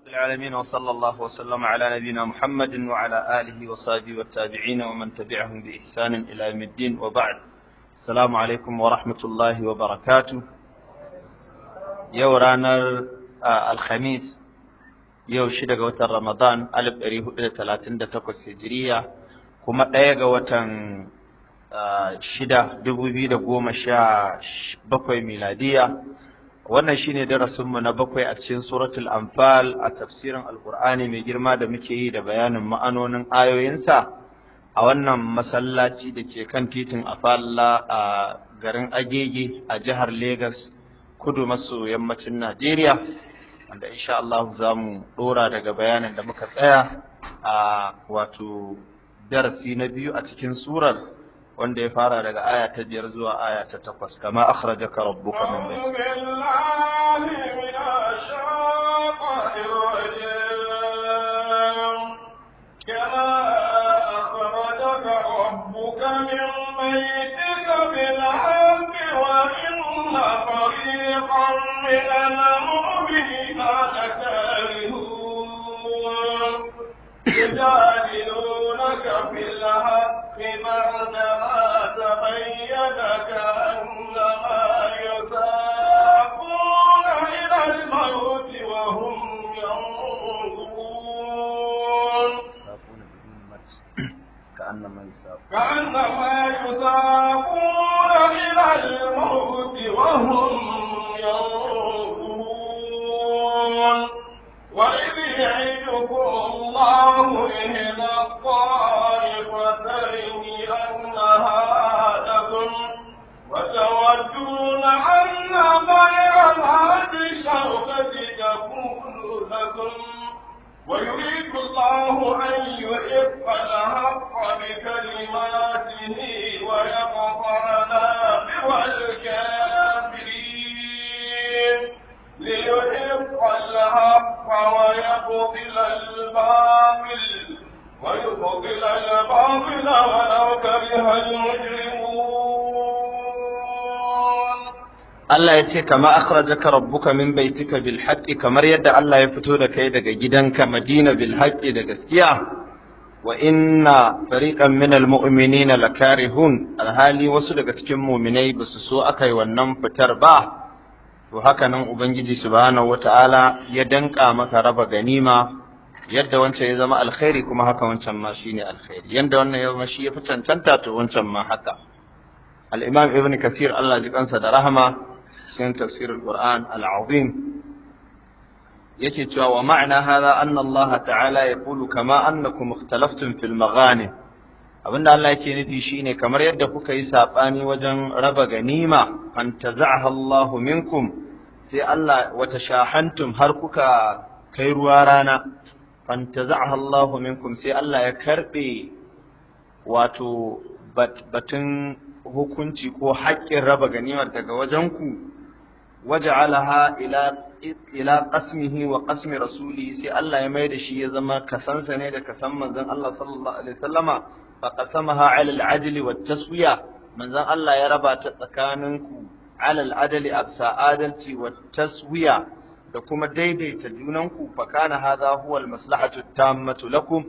رب العالمين وصلى الله وسلم على نبينا محمد وعلى آله وصحبه والتابعين ومن تبعهم بإحسان إلى يوم الدين وبعد السلام عليكم ورحمة الله وبركاته يورانا الخميس yau shida ga watan Ramadan alif ɗari hudu da talatin da takwas hijiriya kuma ɗaya ga watan shida dubu biyu da goma sha bakwai miladiya wannan shine darasinmu na bakwai a cikin suratul anfal a tafsirin alqur'ani mai girma da muke yi da bayanin ma'anonin ayoyinsa a wannan masallaci da ke kan titin a afalla a garin agege a jihar Legas, kudu maso yammacin najeriya wanda insha Allah za mu dora daga bayanin da muka tsaya a wato darasi na biyu a cikin surar وان دي فارا آية تجير زوا آية تتقص كما أخرجك ربك من بيت أعوذ بالله من الشيطان الرجيم كما أخرجك ربك من بيتك بالحق وإن فريقا من المؤمنين لكارهون يجادلون وكف لها بمعنى تبين كأنما يساقون إلى الموت وهم ينظرون كأنما يساقون إلى الموت وهم ينظرون وإذ يعدكم الله إلى الطائفتين إلا ولو كره المجرمون Allah ya ce kama akhrajaka rabbuka min baitika bil haqqi kamar yadda Allah ya fito da kai daga gidanka Madina bil da gaskiya wa inna fariqan min al mu'minina lakarihun alhali wasu daga cikin mu'minai basu so aka yi wannan fitar ba to haka nan ubangiji subhanahu wataala ya danka maka raba ganima yadda wancan ya zama alkhairi kuma haka wancan ma shine alkhairi yanda wannan ya shi ya fi cancanta to wancan ma haka al-imam ibn kathir Allah ji kansa da rahama cikin tafsir al-qur'an al-azim yake cewa wa ma'ana hadha anna Allah ta'ala yaqulu kama annakum ikhtalaftum fil maghanim abinda Allah yake nufi shine kamar yadda kuka yi sabani wajen raba ganima an taza'aha Allahu minkum sai Allah wata shahantum har kuka kai ruwa rana fantaza'aha Allahu minkum sai Allah ya karbe wato batun hukunci ko haƙƙin raba ganimar daga wajenku waja'alaha ila ila qasmihi wa qasmi rasuli sai Allah ya mai da shi ya zama kasansa ne da kasan manzon Allah sallallahu alaihi wasallama fa qasamaha ala al-adl wa taswiya manzon Allah ya raba ta tsakaninku ala al-adl as-sa'adati wa taswiya da kuma daidaita junanku fa kana hadha huwa maslahatu tammatu lakum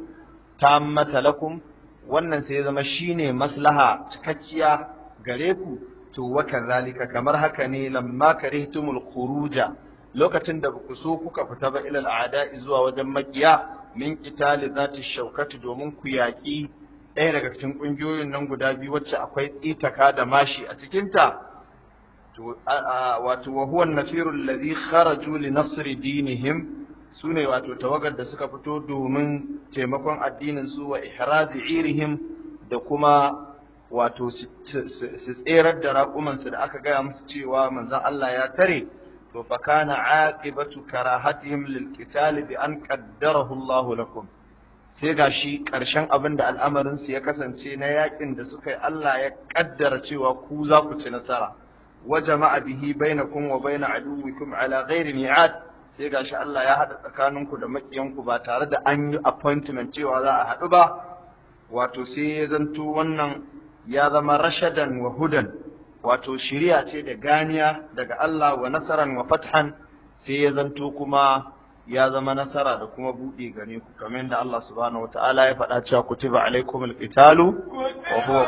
tammata lakum wannan sai ya zama shine maslaha cikakkiya gare ku to wa kazalika kamar haka ne lamma karihtumul khuruja lokacin da ku so kuka fita ba ilal a'da'i zuwa wajen makiya min qitali zati shaukati domin ku yaki ɗaya daga cikin ƙungiyoyin nan guda biyu wacce akwai tsitaka da mashi a cikinta wato wa huwa an-nafir kharaju li nasr dinihim sune wato tawagar da suka fito domin taimakon addinin su wa ihraz irihim da kuma wato su tserar da raƙumansu da aka gaya musu cewa manzon Allah ya tare to fa kana aqibatu karahatihim lil qital bi an qaddarahu Allah lakum sai gashi ƙarshen abin da al'amarin su ya kasance na yakin da suka yi Allah ya kaddara cewa ku za ku ci nasara وجمع به بينكم وبين عدوكم على غير ميعاد sai gashi Allah ya haɗa tsakaninku da maƙiyanku ba tare da an yi appointment cewa za a haɗu ba wato sai ya zanto wannan ya zama rashadan wa hudan wato shiriya ce da ganiya daga Allah wa nasaran wa fathan sai ya zanto kuma ya zama nasara da kuma buɗe gare ku kamar da Allah subhanahu Ta'ala ya faɗa cewa kutiba alaikumul qitalu wa huwa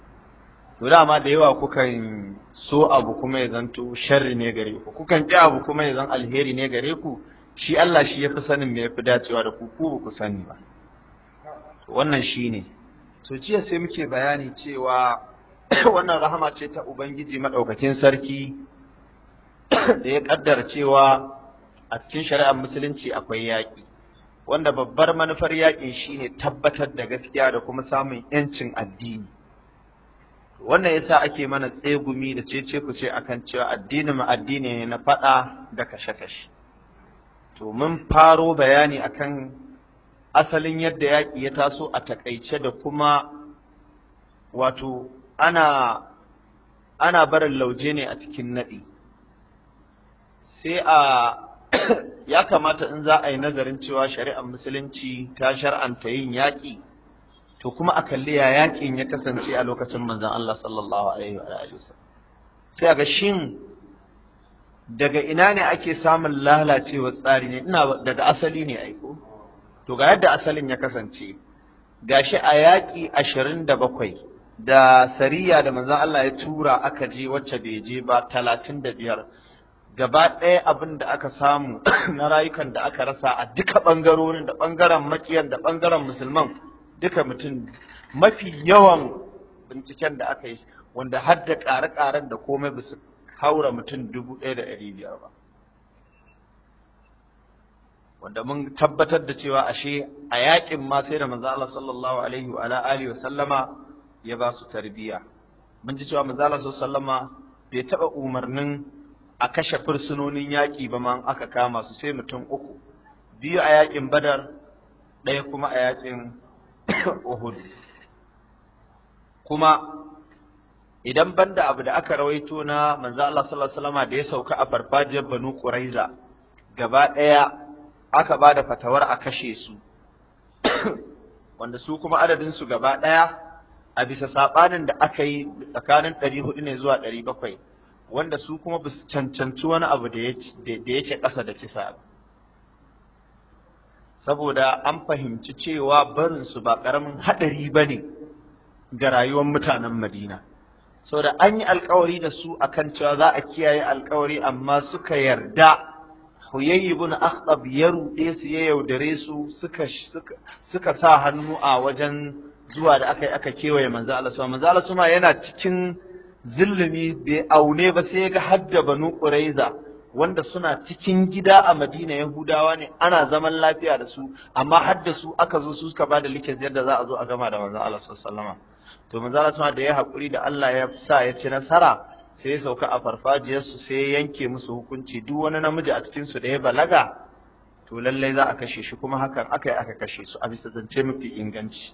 to dama da yawa kukan so abu kuma ya zanto sharri ne gare ku kukan ƙi abu kuma ya zan alheri ne gare ku shi Allah shi yafi sanin me yafi dacewa da ku ku ku sani ba wannan shi ne. to jiya sai muke bayani cewa wannan rahama ce ta ubangiji madaukakin sarki da ya ƙaddara cewa a cikin shari'ar musulunci akwai yaƙi wanda babbar manufar yaƙin shine tabbatar da gaskiya da kuma samun 'yancin addini wannan yasa ake mana tsegumi da cece ku ce akan cewa addini ma addini ne na faɗa da kashe-kashe to mun faro bayani akan asalin yadda yaƙi ya taso a takaice da kuma wato ana ana barin lauje ne a cikin naɗi sai a ya kamata in za a yi nazarin cewa shari'ar musulunci ta shar'anta yin yaƙi to kuma a kalli ya yakin ya kasance a lokacin manzon Allah sallallahu alaihi wa alihi sai ga shin daga ina ne ake samun lalacewar tsari ne ina daga asali ne aiko to ga yadda asalin ya kasance gashi a yaƙi ashirin da bakwai da sariya da manzon Allah ya tura aka je wacce bai je ba talatin da biyar gaba ɗaya abin da aka samu na rayukan da aka rasa a duka ɓangarorin da ɓangaren makiyan da ɓangaren musulman duka mutum mafi yawan binciken da aka yi wanda har da ƙare-ƙaren da komai ba haura mutum dubu ɗaya da ɗari biyar ba wanda mun tabbatar da cewa ashe a yaƙin ma sai da manzo Allah sallallahu alaihi wa alihi wa sallama ya ba su tarbiyya mun ji cewa manzo Allah sallallahu alaihi bai taɓa umarnin a kashe fursunonin yaƙi ba ma aka kama su sai mutum uku biyu a yaƙin badar ɗaya kuma a yaƙin Uhud kuma idan banda abu da aka rawaito na manzo Allah sallallahu alaihi wasallam da ya sauka a farfajiyar Banu Quraiza gaba ɗaya aka ba da fatawar a kashe su wanda su kuma adadin su gaba ɗaya a bisa sabanin da aka yi tsakanin 400 ne zuwa 700 wanda su kuma bisu cancanci wani abu da yake ƙasa da kisa ba saboda an fahimci cewa barin su ba ƙaramin haɗari ba ne ga rayuwar mutanen Madina. Saboda an yi alkawari da su akan cewa za a kiyaye alkawari amma suka yarda Huyayyi ibn Akhtab ya ruɗe su ya yaudare su suka suka sa hannu a wajen zuwa da aka yi aka kewaye manzo Allah manzo Allah yana cikin zillumi bai aune ba sai ga hadda banu Quraiza wanda suna cikin gida a Madina Yahudawa ne ana zaman lafiya da su amma har da su aka zo su suka bada likin yadda za a zo a gama da manzo Allah sallallahu to manzo Allah da ya hakuri da Allah ya sa ya ci nasara sai ya sauka a farfajiyar su sai ya yanke musu hukunci duk wani namiji a cikin su da ya balaga to lallai za a kashe shi kuma hakan aka yi aka kashe su a bisa zance mafi inganci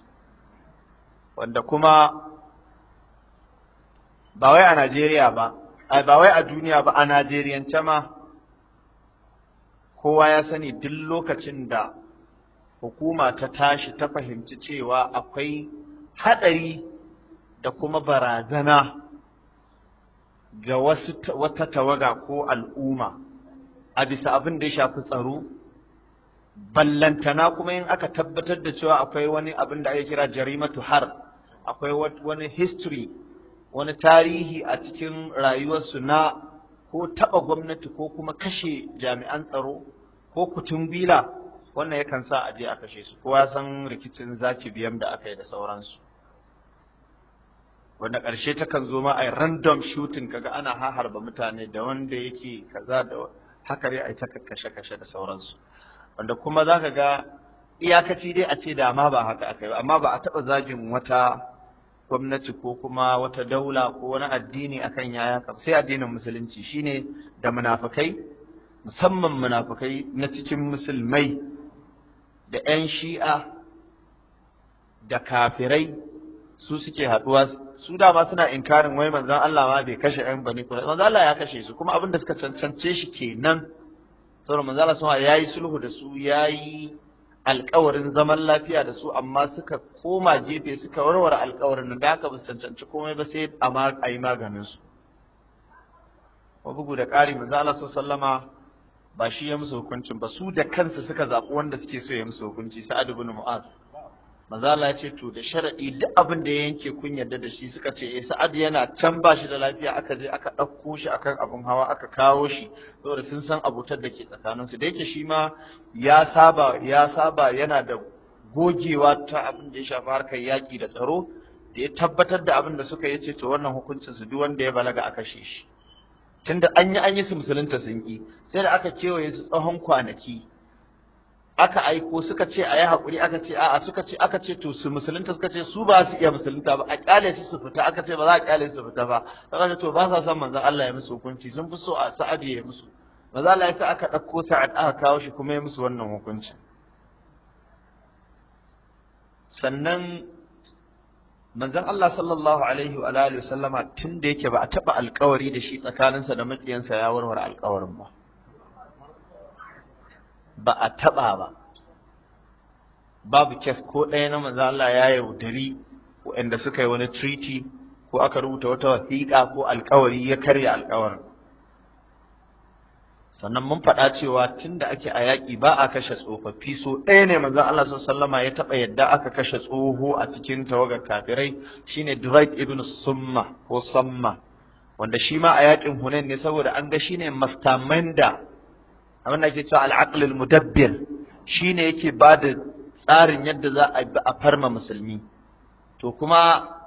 wanda kuma ba wai a Najeriya ba ba wai a duniya ba a Najeriyance ma kowa ya sani duk lokacin da hukuma ta tashi ta fahimci cewa akwai haɗari da kuma barazana ga wasu wata tawaga ko al'umma a bisa abin da ya shafi tsaro ballantana kuma in aka tabbatar da cewa akwai wani abin da ake kira jarimatu har akwai wani history wani tarihi a cikin rayuwarsu na ko taɓa gwamnati ko kuma kashe jami'an tsaro ko kutumbila wannan yakan sa a je a kashe su kowa san rikicin zaki biyan da aka yi da sauransu wanda ƙarshe takan zo ma a random shooting kaga ana haharba mutane da wanda yake kaza da haka ne a ta kashe-kashe da sauransu wanda kuma za ka ga iyakaci dai a ce da ma ba haka aka yi amma ba a taɓa zagin wata gwamnati ko kuma wata daula ko wani addini akan yaya ka sai addinin musulunci shine da munafakai, musamman munafakai na cikin musulmai da 'yan shi'a da kafirai su suke haɗuwa su dama suna inkarin wai manzon Allah ma bai kashe 'yan bani kurai manzon Allah ya kashe su kuma abin da suka cancance shi kenan saboda manzon Allah sun yayi sulhu da su yayi alkawarin zaman lafiya da su amma suka koma gefe suka warware alkawarin da aka cancanci komai ba sai a yi maganin su wa bugu da ƙari manzo Allah sallama ba shi ya musu hukuncin ba su da kansu suka zaɓi wanda suke so ya musu hukunci sa'adu ibn mu'az maza Allah ya ce to da sharaɗi duk abin da ya yanke kun yarda da shi suka ce eh Sa'ad yana can ba shi da lafiya aka je aka ɗauko shi akan abin hawa aka kawo shi saboda sun san abutar da ke tsakanin su da yake shi ma ya saba ya saba yana da gogewa ta abin da ya shafi harkar yaƙi da tsaro da ya tabbatar da abin da suka yi ce to wannan hukuncin su duk wanda ya balaga aka kashe shi tunda an yi an yi su musulunta sun yi sai da aka kewaye su tsawon kwanaki aka aiko suka ce a yi haƙuri aka ce a'a suka ce aka ce to su musulunta suka ce su ba su iya musulunta ba a ƙyale su su fita aka ce ba za a ƙyale su fita ba aka ce to ba sa son manzon Allah ya musu hukunci sun fi so a sa'ad ya musu manzon Allah ya sa aka ɗauko sa'ad aka kawo shi kuma ya musu wannan hukunci sannan manzon Allah sallallahu alaihi wa alihi sallama tun da yake ba a taɓa alƙawari da shi tsakaninsa da maƙiyansa ya warware alƙawarin ba ba a taɓa ba babu kes ko ɗaya na manzo Allah ya yaudari waɗanda suka yi wani treaty ko aka rubuta wata wasiƙa ko alƙawari ya karya alƙawarin sannan mun faɗa cewa tunda ake a yaƙi ba a kashe tsofaffi so ɗaya ne manzo Allah sallama ya taɓa yadda aka kashe tsoho a cikin tawagar kafirai shine Dwight ibn Summa ko Samma wanda shi ma a yaƙin Hunain ne saboda an ga shine mastamanda abin da ake cewa al'aqlul mudabbir shine yake ba da tsarin yadda za a bi a farma musulmi to kuma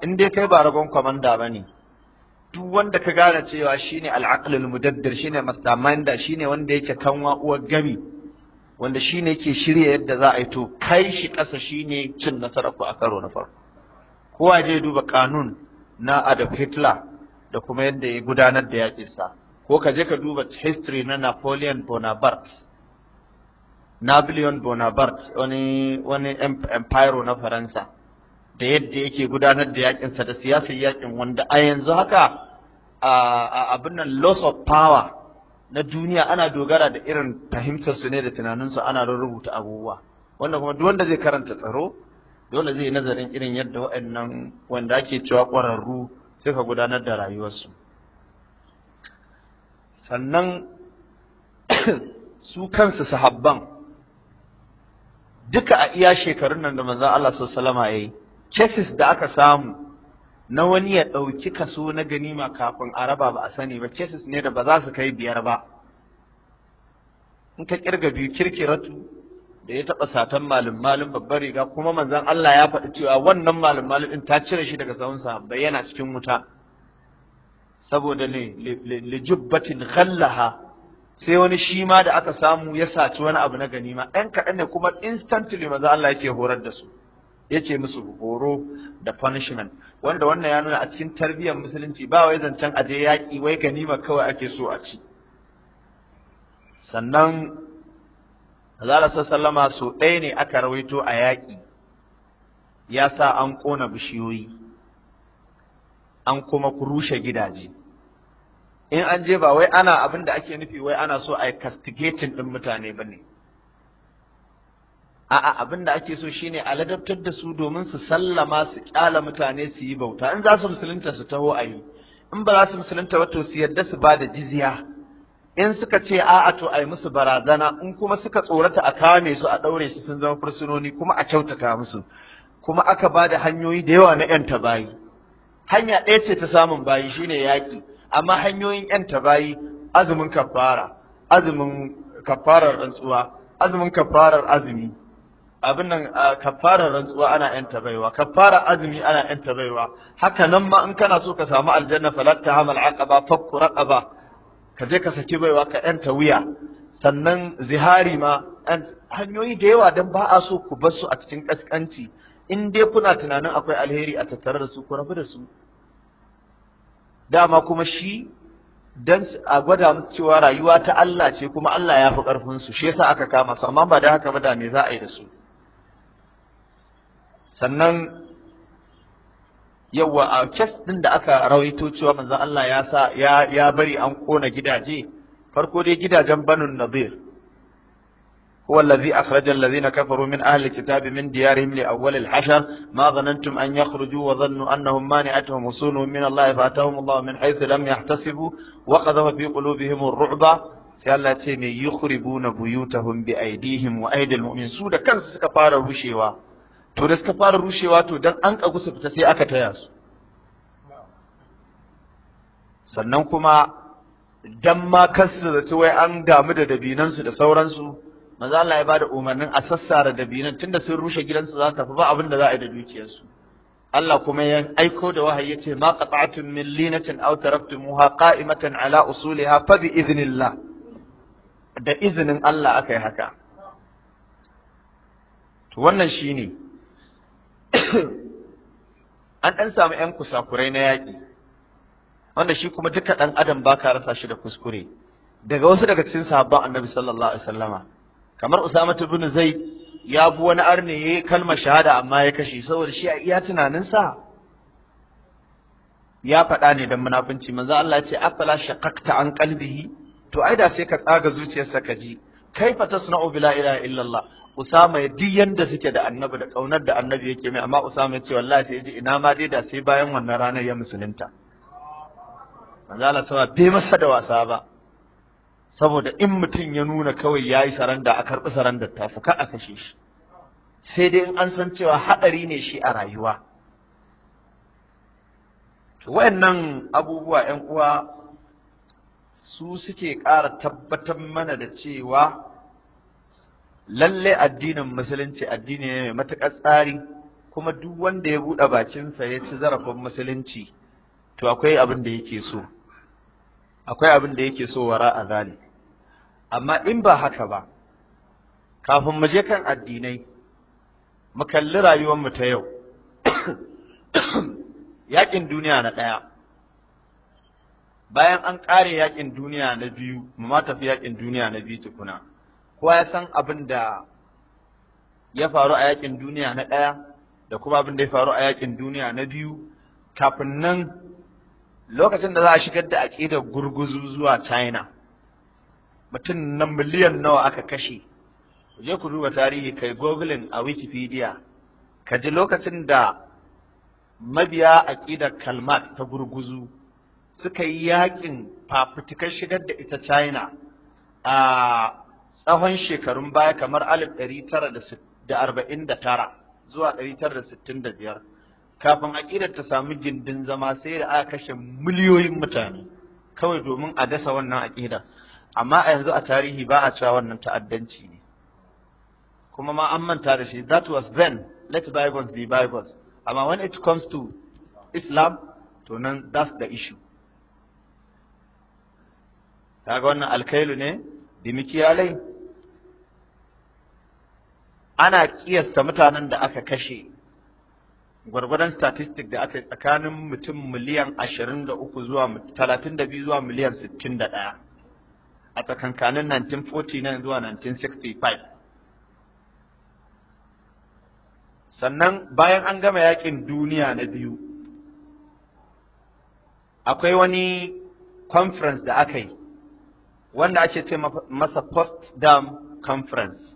in dai kai ba ragon kwamanda ba ne duk wanda ka gane cewa shine al'aqlul mudabbir shine mastaminda shine wanda yake kanwa uwar gami wanda shine yake shirya yadda za a yi to kai shi ƙasa shine cin nasara ku a karo na farko kowa je duba kanun na Adolf Hitler da kuma yadda ya gudanar da yaƙinsa. sa ko ka je ka duba history na Napoleon Bonaparte Napoleon Bonaparte wani wani empire na Faransa da yadda yake gudanar da yakin da siyasar yakin wanda a yanzu haka a abin nan loss of power na duniya ana dogara da irin fahimtar su ne da tunanin su ana rubuta abubuwa wanda kuma duk wanda zai karanta tsaro dole zai yi nazarin irin yadda waɗannan wanda ake cewa ƙwararru suka gudanar da rayuwarsu sannan su kansu sahabban duka a iya shekarun nan da manzon Allah sallallahu alaihi cases da aka samu na wani ya ɗauki kaso na ganima kafin a raba ba a sani ba cases ne da ba za su kai biyar ba in ka ƙirga biyu kirkiratu da ya taɓa satan malum malum babbar riga kuma manzon Allah ya faɗi cewa wannan malum malum in ta cire shi daga sahun sahabbai yana cikin wuta saboda ne jubbatin ghallaha sai wani shi ma da aka samu ya saci wani abu na ganima ɗan kaɗan ne kuma instantly maza Allah yake horar da su yace musu horo da punishment wanda wannan ya nuna a cikin tarbiyyar musulunci ba wai zancen aje yaƙi wai ganima kawai ake so a ci sannan Allah sallama so ɗaya ne aka rawaito a yaƙi ya sa an ƙona bishiyoyi an kuma ku rushe gidaje in an je ba wai ana abin da ake nufi wai ana so a yi castigating ɗin mutane ba ne a'a abin da ake so shine a ladabtar da su domin su sallama su kyala mutane su yi bauta in za su musulunta su taho a yi in ba za su musulunta ba to su yarda su ba da jizya in suka ce a'a to ai musu barazana in kuma suka tsorata a kame su a ɗaure su sun zama fursunoni kuma a kyautata musu kuma aka ba da hanyoyi da yawa na 'yan tabayi hanya ɗaya ce ta samun bayi shine yaƙi amma hanyoyin ƴanta bayi azumin kafara azumin kafarar rantsuwa azumin kafarar azumi abin nan kafarar rantsuwa ana ƴanta baiwa kafarar azumi ana ƴanta baiwa haka nan ma in kana so ka samu aljanna falat hamal aqaba fakku raqaba ka je ka saki baiwa ka ƴanta wuya sannan zihari ma hanyoyi da yawa don ba a so ku bar su a cikin ƙasƙanci in dai kuna tunanin akwai alheri a tattare da su ku rabu da su dama kuma shi dan a gwada musu cewa rayuwa ta Allah ce kuma Allah ya fi ƙarfin su shi yasa aka kama su amma ba da haka ba da me za a yi da su sannan yawa a kes din da aka rawaito cewa manzon Allah ya sa ya bari an kona gidaje farko dai gidajen banun Nadir هو الذي أخرج الذين كفروا من أهل الكتاب من ديارهم لأول الحشر ما ظننتم أن يخرجوا وظنوا أنهم مانعتهم وصولهم من الله فأتاهم الله من حيث لم يحتسبوا وقذف في قلوبهم الرعب sai Allah ce mai yukhribuna buyutahum bi aidihim wa aidil mu'min su da kansu suka fara rushewa to da suka fara rushewa to dan an su fita sai aka taya su sannan kuma dan ma kasu da wai an damu da dabinansu da sauransu manzo Allah ya bada umarnin a sassara binan tunda sun rushe gidansu za su tafi ba abin da za a yi da dukiyarsu Allah kuma ya aiko da wahayi yace ma qata'tum min linatin aw taraktumuha qa'imatan ala usuliha fa bi idhnillah da izinin Allah akai haka to wannan shine an dan samu ƴan kusakurai na yaƙi wanda shi kuma duka ɗan adam baka rasa shi da kuskure daga wasu daga cikin sahabban annabi sallallahu alaihi wasallama kamar Usama ibn Zaid ya bu wani arne yayi kalmar shahada amma ya kashe saboda shi a iya tunaninsa ya faɗa ne dan munafunci manzo Allah ya ce afala shaqaqta an qalbihi to ai da sai ka tsaga zuciyarsa ka ji kai kaifa tasna'u bila ilaha illallah Usama ya di yanda suke da annabi da kaunar da annabi yake mai amma Usama ya ce wallahi sai ji ina ma dai da sai bayan wannan ranar ya musulunta manzo Allah sama bai masa da wasa ba saboda in mutum ya nuna kawai ya yi saranda a karɓi sarandar su ka a kashe shi sai dai in an san cewa haɗari ne shi a rayuwa wayannan abubuwa 'yan uwa su suke ƙara tabbatar mana da cewa lalle addinin musulunci addini ne mai matuƙar tsari kuma duk wanda ya buɗe bakinsa ya ci zarafin musulunci to akwai abin da yake so akwai abin da yake so wara a zali amma in ba haka ba kafin mu je kan addinai mu kalli rayuwar mu ta yau yakin duniya na ɗaya bayan an ƙare yakin duniya na biyu mu ma tafi yakin duniya na biyu tukuna kowa ya san abin da ya faru a yakin duniya na ɗaya da kuma abin da ya faru a yakin duniya na biyu kafin nan lokacin da za a shigar da aƙidar gurguzu zuwa China mutum na miliyan nawa aka kashe ku je ku duba tarihi kai googling a Wikipedia ka ji lokacin da mabiya aƙidar Kalmat ta gurguzu suka yi yakin fafutukar shigar da ita China a tsawon shekarun baya kamar alif ɗari zuwa ɗari biyar kafin aƙidar ta samu gindin zama sai da aka kashe miliyoyin mutane kawai domin a dasa wannan aƙida amma a yanzu a tarihi ba a cewa wannan ta'addanci ne kuma ma an manta da shi that was then let bibles be bibles amma when it comes to islam to nan that's the issue kaga wannan alkailu ne dimikiyalai ana kiyasta mutanen da aka kashe gwargwadon statistic da aka yi tsakanin mutum miliyan 23 zuwa 32 zuwa miliyan 61 a tsakankanin 1949 zuwa 1965 sannan bayan an gama yakin duniya na biyu akwai wani conference da aka yi wanda ake ce masa post-dam conference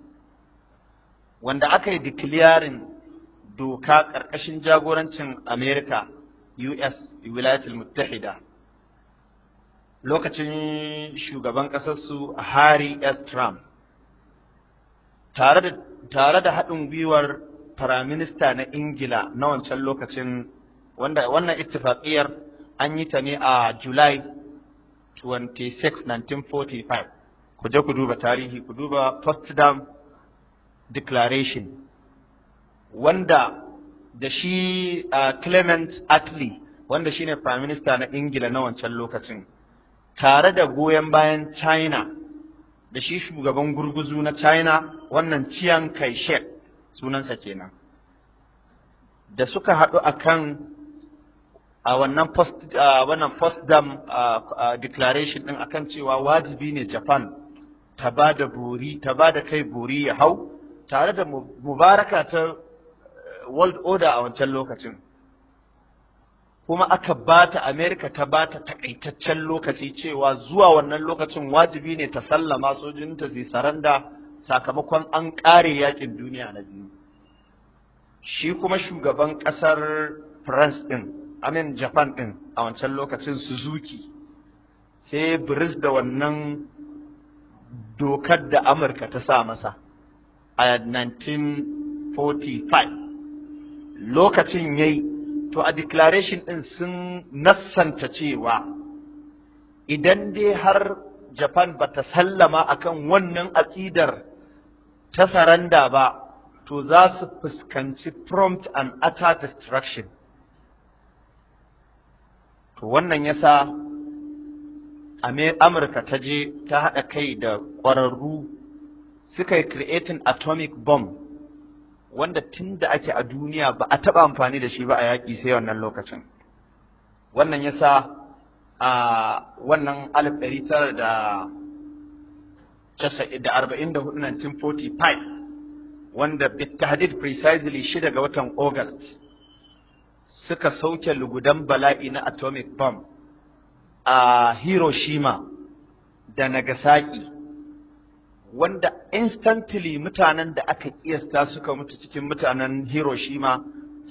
wanda aka yi declaring doka ƙarƙashin jagorancin Amerika US Wilayatul Muttahida lokacin shugaban ƙasarsu Harry S. Trump tare da haɗin gwiwar Firaminista na Ingila na wancan lokacin wanda wannan ittifaƙiyar an yi ta ne a July 26, 1945. Ku je ku duba tarihi, ku duba Potsdam Declaration wanda da shi Clement Attlee wanda shine Prime Minister na Ingila na wancan lokacin tare da goyon bayan China da shi shugaban gurguzu na China wannan ciyan Kai-shek sunansa kenan da suka haɗu a kan a wannan post wannan Dam declaration a akan cewa wajibi ne Japan ta ba da bori ta ba da kai bori ya hau tare da mubaraka ta world order a wancan lokacin kuma aka bata Amerika ta ba ta takaitaccen lokaci cewa zuwa wannan lokacin wajibi ne ta sallama sojojinta su saranda sakamakon an kare yakin duniya na biyu shi kuma shugaban ƙasar France ɗin amin Japan ɗin a wancan lokacin Suzuki sai biris da wannan dokar da Amurka ta sa masa a 1945 lokacin ya yi, to a declaration ɗin sun nassanta cewa idan dai har Japan ba ta sallama akan wannan aƙidar ta saranda ba to za su fuskanci prompt and utter destruction to wannan ya sa Amurka ta je ta haɗa kai da ƙwararru suka yi creating atomic bomb wanda tun da ake a duniya ba a taɓa amfani da shi ba a yaƙi sai wannan lokacin wannan ya sa a wannan alif ɗari tara da da arba'in da hudu 1945 wanda bitahdid precisely shida ga watan august suka sauke lugudan bala'i na atomic bomb a hiroshima da nagasaki wanda instantly mutanen da aka kiyasta suka mutu cikin mutanen Hiroshima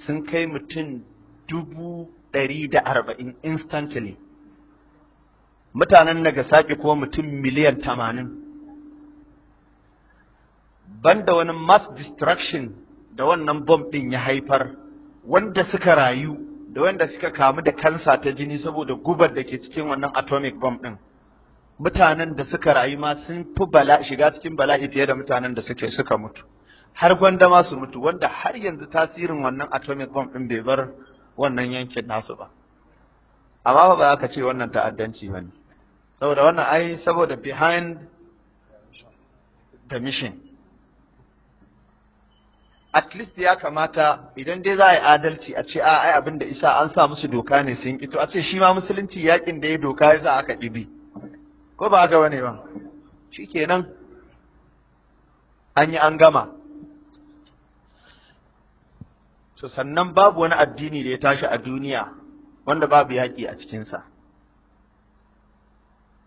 sun kai mutum dubu ɗari da arba'in instantly mutanen Nagasaki kuma mutum miliyan tamanin banda wani mass destruction da wannan bom ɗin ya haifar wanda suka rayu da wanda suka kamu da kansa ta jini saboda gubar da ke cikin wannan atomic bomb ɗin. mutanen da suka rayu ma sun fi bala shiga cikin bala'i fiye da mutanen da suke suka mutu har gwanda ma su mutu wanda har yanzu tasirin wannan atomic bomb din bai bar wannan yankin nasu ba amma ba za ce wannan ta'addanci bane saboda wannan ai saboda behind the mission at least ya kamata idan dai za a yi adalci a ce a, ai abin da isa an sa musu doka ne sun ito a ce shi ma musulunci yakin da ya doka ya sa aka ɗibi ko ba haka bane ba shikenan an yi an gama to sannan babu wani addini da ya tashi a duniya wanda babu yaƙi a cikinsa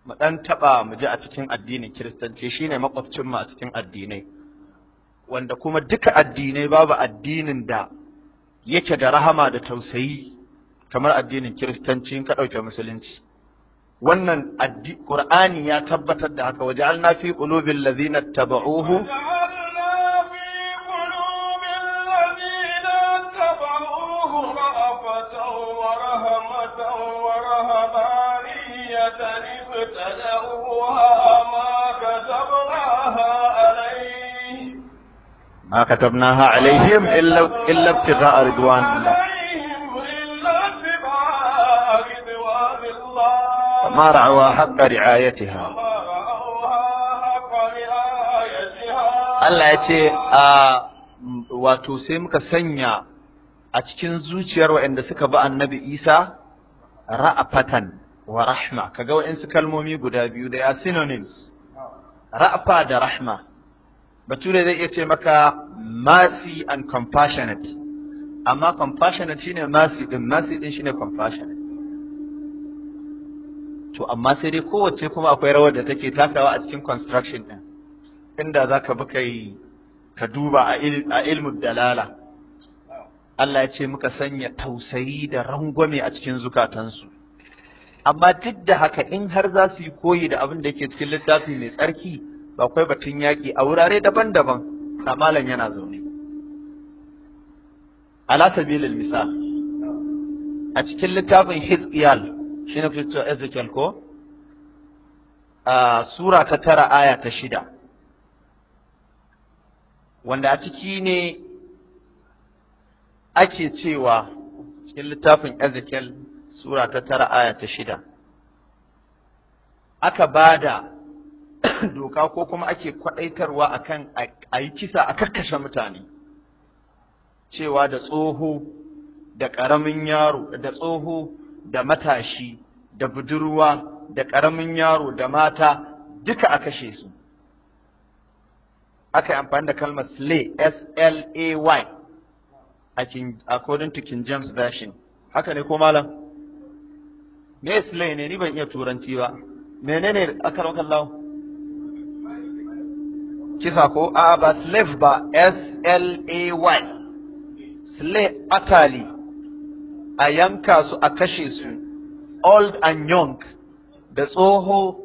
mu ɗan taɓa mu ji a cikin addinin kiristanci shine makwabcin mu a cikin addinai wanda kuma duka addinai babu addinin da yake da rahama da tausayi kamar addinin kiristanci in ka ɗauke musulunci wannan Qur'ani ya tabbatar da haka waja'alna fi qulubil ladina tabauhu ما كتبناها عليهم إلا, إلا ابتغاء رضوان الله ما رعوا حق رعايتها Allah ya ce wato sai muka sanya a cikin zuciyar waɗanda suka bi annabi Isa ra'afatan wa rahma kaga waɗansu kalmomi guda biyu da ya synonyms ra'afa da rahma bature zai iya ce maka mercy and compassionate amma compassionate shine mercy din mercy din shine compassionate to amma sai dai kowace kuma akwai rawar da take takawa a cikin construction ɗin inda zaka ka bi ka duba a ilmu dalala Allah ya ce muka sanya tausayi da rangwame a cikin zukatansu amma duk da haka in har za su yi koyi da abin da yake cikin littafi mai tsarki ba kai batun yaki a wurare daban-daban malam yana zaune ala sabilil misal a cikin littafin hizqiyal shi ne kuke Ezekiel ko a sura ta tara aya ta shida wanda a ciki ne ake cewa cikin littafin Ezekiel sura ta tara aya ta shida aka ba da doka ko kuma ake kwadaitarwa akan a yi kisa a kakkashe mutane cewa da tsoho da ƙaramin yaro da tsoho da matashi da budurwa da ƙaramin yaro da mata duka a kashe su aka yi amfani da kalmar slay s-l-a-y a according to King James version haka ne ko malam me slay ne ni ban iya turanci ba menene akarar kallawo kisa ko a ba slave ba s-l-a-y slay atali a yanka su a kashe su old and young da tsoho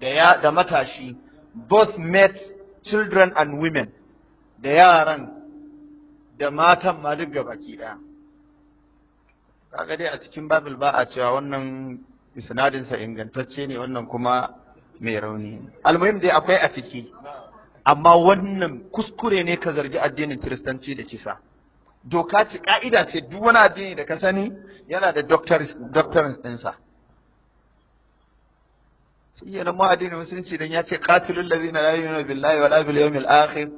da ya da matashi both met children and women da yaran da matan ma duk baki ɗaya kaga dai a cikin babil ba a cewa wannan sinadinsa ingantacce ne wannan kuma mai rauni almuhim dai akwai a ciki amma wannan kuskure ne ka zargi addinin kiristanci da kisa doka ce ka'ida ce duk wani addini da ka sani yana da doctrines ɗinsa shi yana mu addini musulunci dan ya ce qatilul ladzina la yu'minuna billahi wala bil yawmil akhir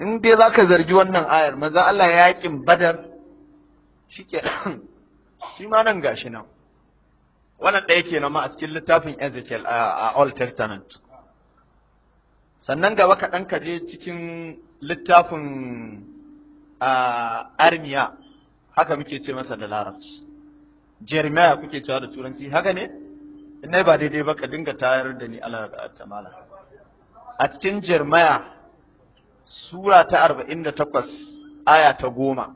in dai zaka zargi wannan ayar maza Allah ya yakin badar shike shi ma nan gashi nan wannan ɗaya yake nama a cikin littafin Ezekiel a Old Testament sannan gaba kaɗan ka je cikin littafin armiya haka muke ce masa da larabci jeremiah kuke cewa da turanci haka ne in ba daidai ba ka dinga tayar da ni ala da atamala. a cikin jeremiah sura ta 48 aya ta goma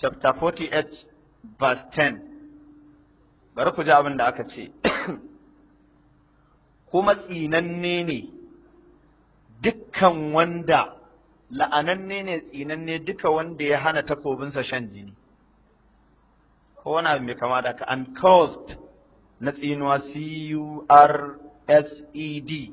chapter 48 verse 10 bari ku ji abin da aka ce kuma tsinanne ne dukkan wanda la'ananne ne tsinanne duka wanda ya hana takobinsa shan jini ko wani abu mai kama da ka an caused na tsinuwa c-u-r-s-e-d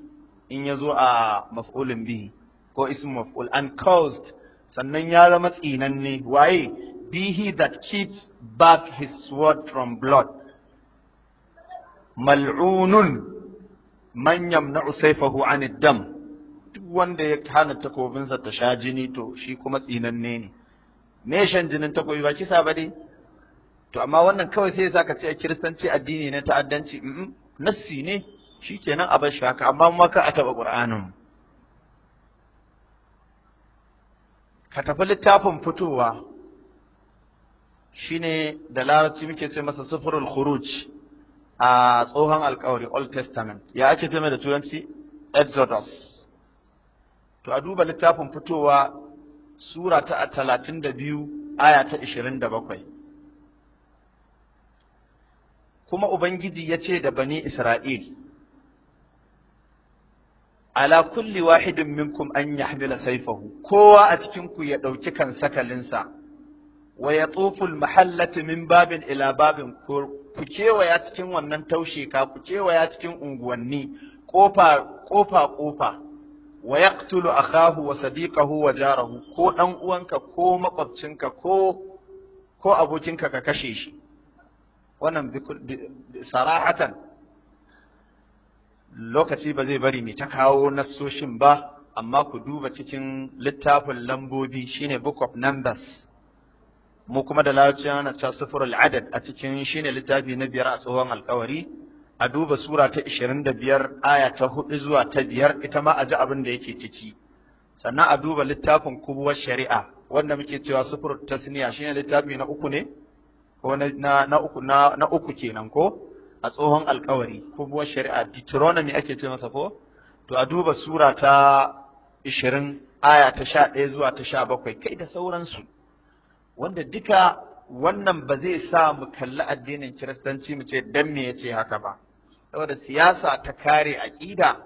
in ya zo a maf'ulin bihi ko isin maf'ul an caused sannan ya zama tsinanne waye be he that keeps back his sword from blood mal'unun man yamna'u sayfahu 'anid dam wanda ya hana takobinsa ta sha jini to shi kuma tsinanne ne me shan jinin takobi ba kisa ba dai to amma wannan kawai sai zaka ce a kiristanci addini ne ta'addanci mm nassi ne shikenan a bar shi haka amma ma ka a taɓa ƙur'anin ka tafi littafin fitowa shine da larabci muke ce masa sufurul khuruj a tsohon alkawari old testament ya ake ce da turanci exodus to a duba littafin fitowa sura ta talatin da biyu aya ta ishirin da bakwai kuma ubangiji ya ce da bani isra'il ala kulli wahidin minkum an yahmila saifahu kowa a cikinku ya ɗauki kan sakalinsa wa ya tsoful mahallati min babin ila babin ku kewaya cikin wannan taushe ka ku kewaya cikin unguwanni ƙofa ƙofa ƙofa wa yaqtulu akahu wa sadiqahu wa jarahu ko dan uwanka ko makwabcinka ko ko abokinka ka kashe shi wannan sarahatan lokaci ba zai bari mai ta kawo nasoshin ba amma ku duba cikin littafin lambobi shine book of numbers mu kuma da larabci ana ta sufurul adad a cikin shine littafi na biyar a tsohon alkawari a duba sura ta 25 aya ta 4 zuwa ta 5 ita ma a ji abin da yake ciki sannan a duba littafin kubuwar shari'a wanda muke cewa sufur shi ne littafi na uku ne ko na uku kenan ko a tsohon alkawari kubuwar shari'a Deuteronomy ake ce masa ko to a duba sura ta 20 aya ta 11 zuwa ta 17 kai da sauransu wanda duka wannan ba zai sa mu kalli addinin kiristanci mu ce dan me yace haka ba saboda siyasa ta kare aƙida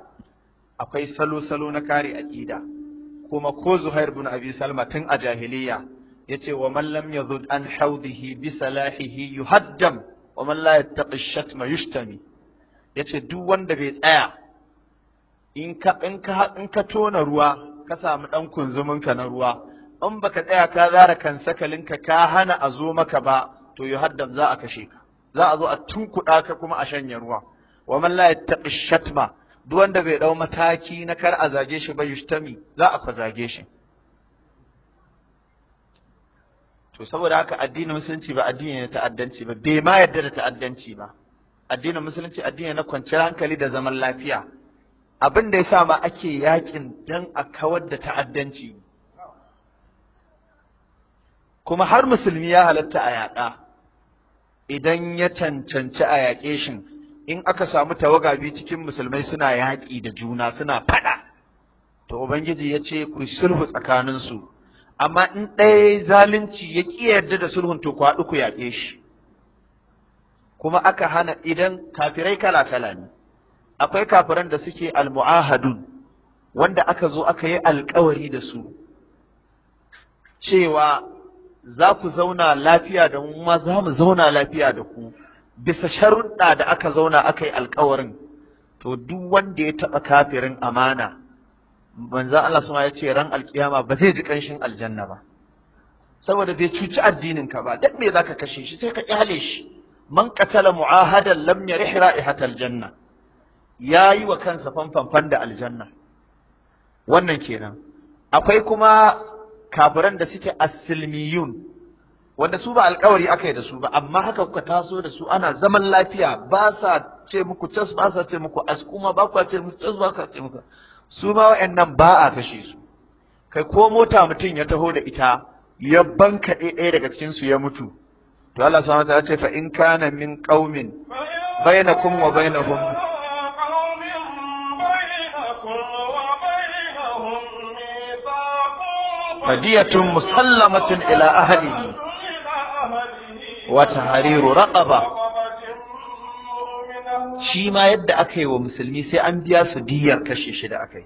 akwai salo-salo na kare aƙida kuma ko Zuhair bin Abi Salma tun a jahiliya yace wa man lam yazud an hawdihi bi salahihi yuhaddam wa man la yattaqi shatma yushtami yace duk wanda bai tsaya in ka in ka in ka tona ruwa ka samu dan kunzumin ka na ruwa in baka tsaya ka zara kan sakalinka ka hana a zo maka ba to yuhaddam za a kashe ka za a zo a tunkuɗa ka kuma a shanye ruwa wa man la yattaqi shatma duk wanda bai dau mataki na kar a zage shi ba yushtami za a zage shi to saboda haka addinin musulunci ba addini na ta'addanci ba bai ma yarda da ta'addanci ba addinin musulunci addini na kwanciyar hankali da zaman lafiya abin da yasa ma ake yakin dan a kawar da ta'addanci kuma har musulmi ya halatta a yaƙa idan ya cancanci a yaƙe shin in aka samu tawaga biyu cikin musulmai suna yaƙi da juna suna faɗa to ubangiji ya ce ku sulhu tsakaninsu amma in ɗaya zalunci ya ƙi yarda da sulhun to ku ku yaƙe shi kuma aka hana idan kafirai kala kala ne akwai kafiran da suke almu'ahadun wanda aka zo aka yi alkawari da su cewa za ku zauna lafiya da mu ma za mu zauna lafiya da ku bisa sharuɗa da aka zauna aka yi alkawarin to duk wanda ya taɓa kafirin amana manzo Allah suma ya ce ran alkiyama ba zai ji ƙanshin aljanna ba saboda bai cuci addinin ka ba duk me zaka kashe shi sai ka kyale shi man qatala mu'ahadan lam yarih ra'ihatal janna yayi wa kansa fanfan da aljanna wannan kenan akwai kuma kafiran da suke asilmiyun wanda su ba alkawari aka yi da su ba amma haka kuka taso da su ana zaman lafiya ba sa ce muku cas ba sa ce muku as kuma ba ku ce muku cas ba ku ce muku su ma wa'annan ba a kashe su kai ko mota mutum ya taho da ita ya banka ɗaya daga cikin su ya mutu to Allah subhanahu wa ta'ala ce fa in kana min qaumin bainakum wa bainahum فدية musallamatun ila ahlihi وتحرير رقبة shi ma yadda aka yi wa musulmi sai an biya su diyar kashe shi da aka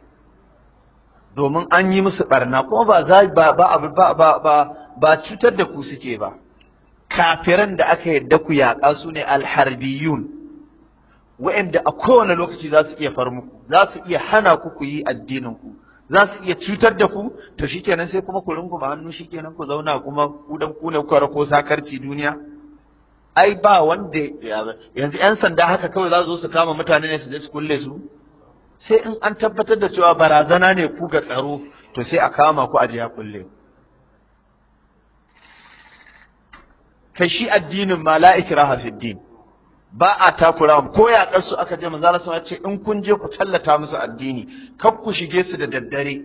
domin an yi musu barna kuma ba za ba ba ba ba cutar da ku suke ba kafiran da aka yadda ku yaƙa su ne alharbiyun wa'anda a kowane lokaci za su iya far muku za su iya hana ku ku yi addinin ku za su iya cutar da ku to shikenan sai kuma ku runguma hannu shikenan ku zauna kuma ku dan ku ne kwara ko sakarci duniya ai ba wanda yanzu yan sanda haka kawai za su zo su kama mutane ne su je su kulle su sai in an tabbatar da cewa barazana ne ku ga tsaro to sai a kama ku a je a kulle kai shi addinin ma hafiddin ba a takura ko ya kasu aka je manzo Allah ya ce in kun je ku tallata musu addini kar ku shige su da daddare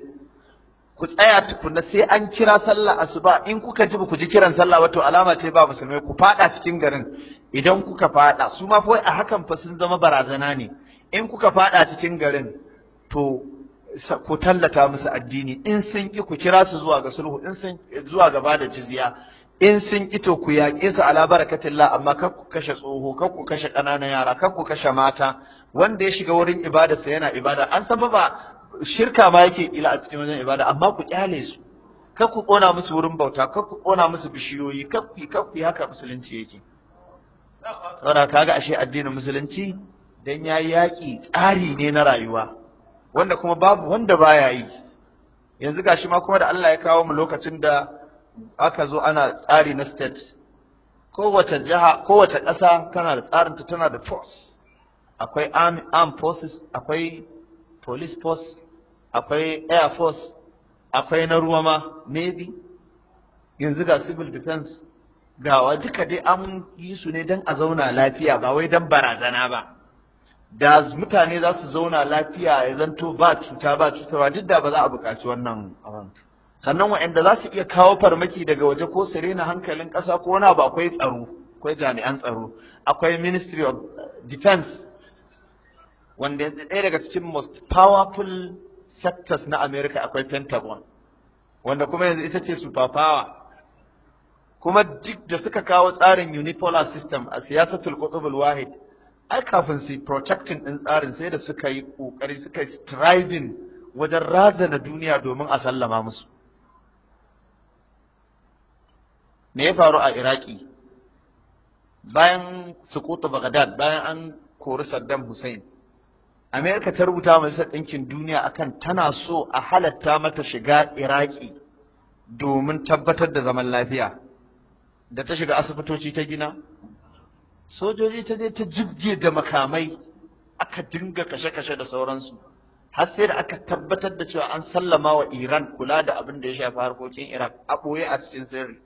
ku tsaya tukunna sai an kira sallah asuba in kuka ji ku ji kiran sallah wato alama ce ba musulmai ku fada cikin garin idan kuka fada su ma fa a hakan fa sun zama barazana ne in kuka fada cikin garin to ku tallata musu addini in sun ki ku kira su zuwa ga sulhu in sun zuwa gaba da jizya in sun ito ku yaƙe su ala barakatillah amma kar ku kashe tsoho kar ku kashe ƙananan yara kar ku kashe mata wanda ya shiga wurin ibada sa yana ibada an san ba shirka ma yake ila a cikin wajen ibada amma ku kyale su kar ku kona musu wurin bauta kar ku kona musu bishiyoyi kar ku kar ku haka musulunci yake saboda kaga ashe addinin musulunci dan yayi yaƙi tsari ne na rayuwa wanda kuma babu wanda baya yi yanzu gashi ma kuma da Allah ya kawo mu lokacin da aka zo ana tsari na state kowace jiha kowace ƙasa tana da tsarin ta tana da force akwai armed forces akwai police force akwai air force akwai na ruwa ma navy yanzu ga civil defense wa duka dai an yi su ne don a zauna lafiya ba wai don barazana ba da mutane za su zauna lafiya ya zanto ba cuta ba cuta ba, duk da ba za a buƙaci wannan abin sannan waɗanda za su iya kawo farmaki daga waje ko su rena hankalin ƙasa ko wani abu akwai tsaro akwai jami'an tsaro akwai ministry of defense wanda ɗaya daga cikin most powerful sectors na america akwai pentagon wanda kuma yanzu ita ce super power kuma duk da suka kawo tsarin unipolar system a siyasatul qutbul wahid ai kafin su protecting din tsarin sai da suka yi kokari suka striving wajen razana duniya domin a sallama musu me ya faru a iraki bayan sukuta bagdad bayan an kori saddam hussein amerika ta rubuta majalisar ɗinkin duniya akan tana so a halatta mata shiga iraki domin tabbatar da zaman lafiya da ta shiga asibitoci ta gina sojoji ta je ta jibge da makamai aka dinga kashe-kashe da sauransu har sai da aka tabbatar da cewa an sallama wa iran kula da abin da ya shafi harkokin iraq a ɓoye a cikin sirri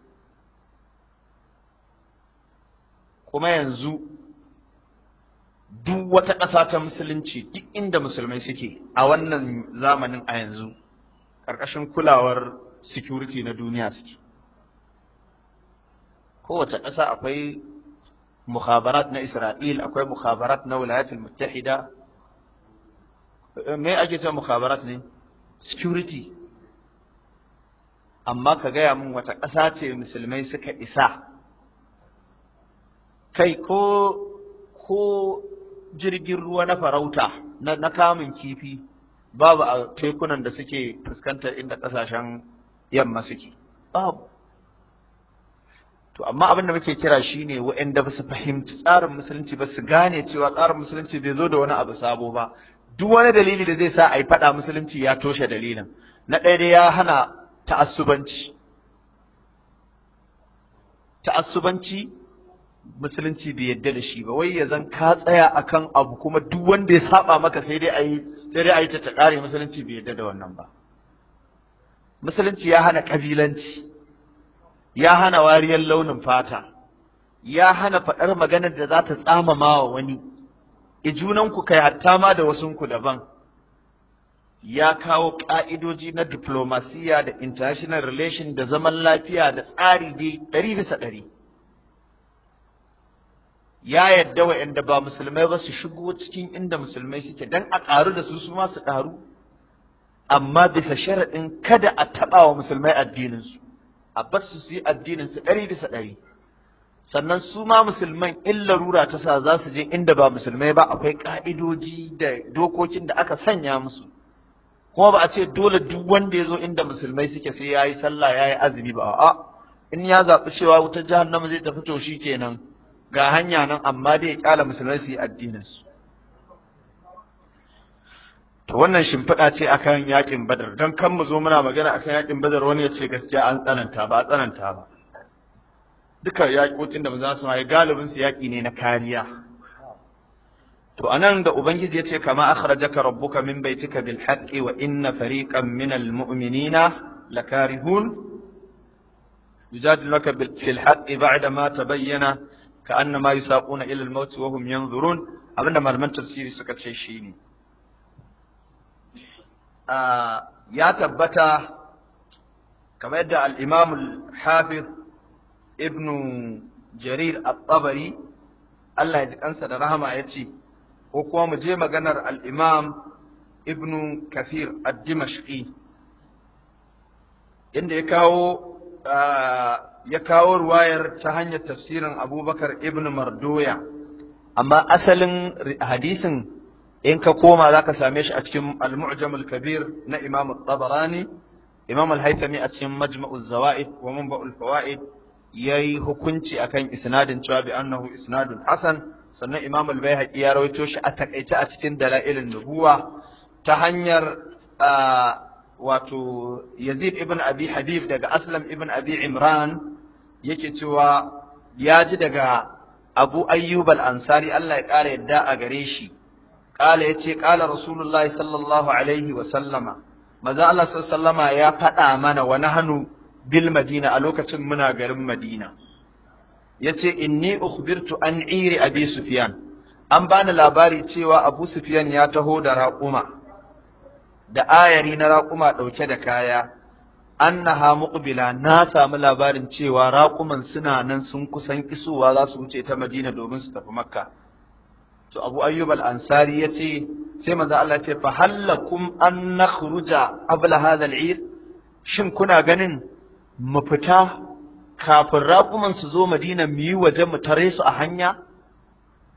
kuma yanzu duk wata ƙasa ta musulunci duk inda musulmai suke a wannan zamanin a yanzu ƙarƙashin kulawar security na duniya suke kowace ƙasa akwai mukhabarat na Isra'il akwai mukhabarat na Wilayatul Muttahida me ake cewa mukhabarat ne security amma ka gaya min wata ƙasa ce musulmai suka isa kai ko ko jirgin ruwa na farauta na kamun kifi babu a tekunan da suke fuskantar inda kasashen yamma suke babu to amma abin da muke kira shine waɗanda ba su fahimci tsarin musulunci ba su gane cewa tsarin musulunci bai zo da wani abu sabo ba duk wani dalili da zai sa a yi faɗa musulunci ya toshe dalilin na ɗaya dai ya hana ta'assubanci ta'assubanci musulunci bai yadda da shi ba wai ya zan ka tsaya akan abu kuma duk wanda ya saba maka sai dai ayi sai dai ayi ta ta kare musulunci bai yadda da wannan ba musulunci ya hana kabilanci ya hana wariyar launin fata ya hana faɗar maganar da za ta tsamama wa wani ijunanku kai hatta ma da ku daban ya kawo ƙa'idoji na diplomasiya da international relation da zaman lafiya da tsari dai ɗari bisa ɗari ya yadda wa'anda ba musulmai ba su shigo cikin inda musulmai suke dan a ƙaru da su su ma su ƙaru amma bisa sharaɗin kada a taɓa wa musulmai addininsu a bar su su yi addininsu ɗari bisa ɗari sannan su ma musulman in larura ta sa za su je inda ba musulmai ba akwai ƙa'idoji da dokokin da aka sanya musu kuma ba a ce dole duk wanda ya zo inda musulmai suke sai ya yi sallah ya yi azumi ba a'a in ya zaɓi cewa wutar jahannama zai tafi to shi kenan ga hanya nan amma dai ya kyala musulmai su yi addinin su to wannan shimfiɗa ce akan yakin badar don kan mu zo muna magana akan yakin badar wani ya ce gaskiya an tsananta ba a tsananta ba duka yaƙoƙin da za su ma galibin su yaƙi ne na kariya to anan da ubangiji ya ce kama akhrajaka rabbuka min baitika bil haqqi wa inna fariqan min al mu'minina lakarihun yujadilunaka fil haqqi ba'da ma tabayyana ka annama yusaquna ila al-maut wa hum yanzurun abinda malaman tafsiri suka ce shine ya tabbata kamar yadda al-imam al-hafiz ibn jarir at-tabari Allah ya ji kansa da rahama ya ce ko kuma mu je maganar al-imam ibn kafir ad-dimashqi inda ya kawo ya kawo ruwayar ta hanyar tafsirin abubakar ibn mardoya amma asalin hadisin in ka koma za ka same shi a cikin al-mu'jam al-kabir na imam al-tabarani imam al-haythami a cikin majma'u zawaid wa munba'ul fawaid yayi hukunci akan isnadin cewa bi annahu isnadun hasan sannan imam al-baihaqi ya rawaito shi a takaice a cikin dalailin nubuwa ta hanyar wato yazid ibn abi habib daga aslam ibn abi imran yake cewa ya ji daga Abu Ayyub al-Ansari Allah ya ƙara yadda a gare shi ƙala ya ce ƙala Rasulullah sallallahu alaihi wa sallama maza Allah sallama ya faɗa mana wani hannu bil Madina a lokacin muna garin Madina ya ce inni ukhbirtu an iri Abi Sufyan an bani labari cewa Abu Sufiyan ya taho da raƙuma da ayari na raƙuma ɗauke da kaya annaha muqbila na samu labarin cewa raƙuman suna nan sun kusan isowa za su wuce ta Madina domin su tafi Makka to Abu Ayyub al-Ansari yace sai manzo Allah ce fa hallakum an nakhruja qabla hadha al-eid shin kuna ganin mu fita kafin raƙuman su zo Madina mu yi waje mu tare su a hanya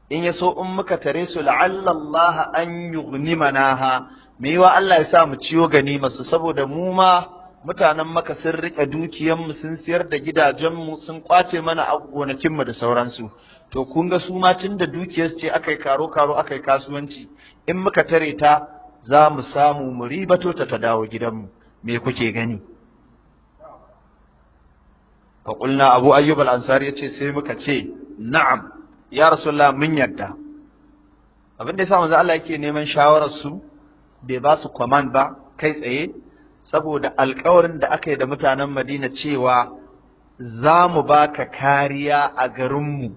in yaso in muka tare su la'alla Allah an yughnimanaha me wa Allah ya sa mu ciyo ganima su saboda mu ma mutanen maka sun riƙe dukiyanmu sun siyar da gidajenmu sun ƙwace mana a gonakinmu da sauransu to kun ga su ma tun da dukiyar ce aka karo karo akai kasuwanci in muka tare ta za mu samu mu ribato ta ta dawo gidanmu me kuke gani fa abu ayyub al-ansari yace sai muka ce na'am ya rasulullah mun yarda abin da yasa manzo Allah yake neman shawarar su bai ba su command ba kai tsaye saboda alkawarin da aka yi da mutanen Madina cewa za mu ba ka kariya a garinmu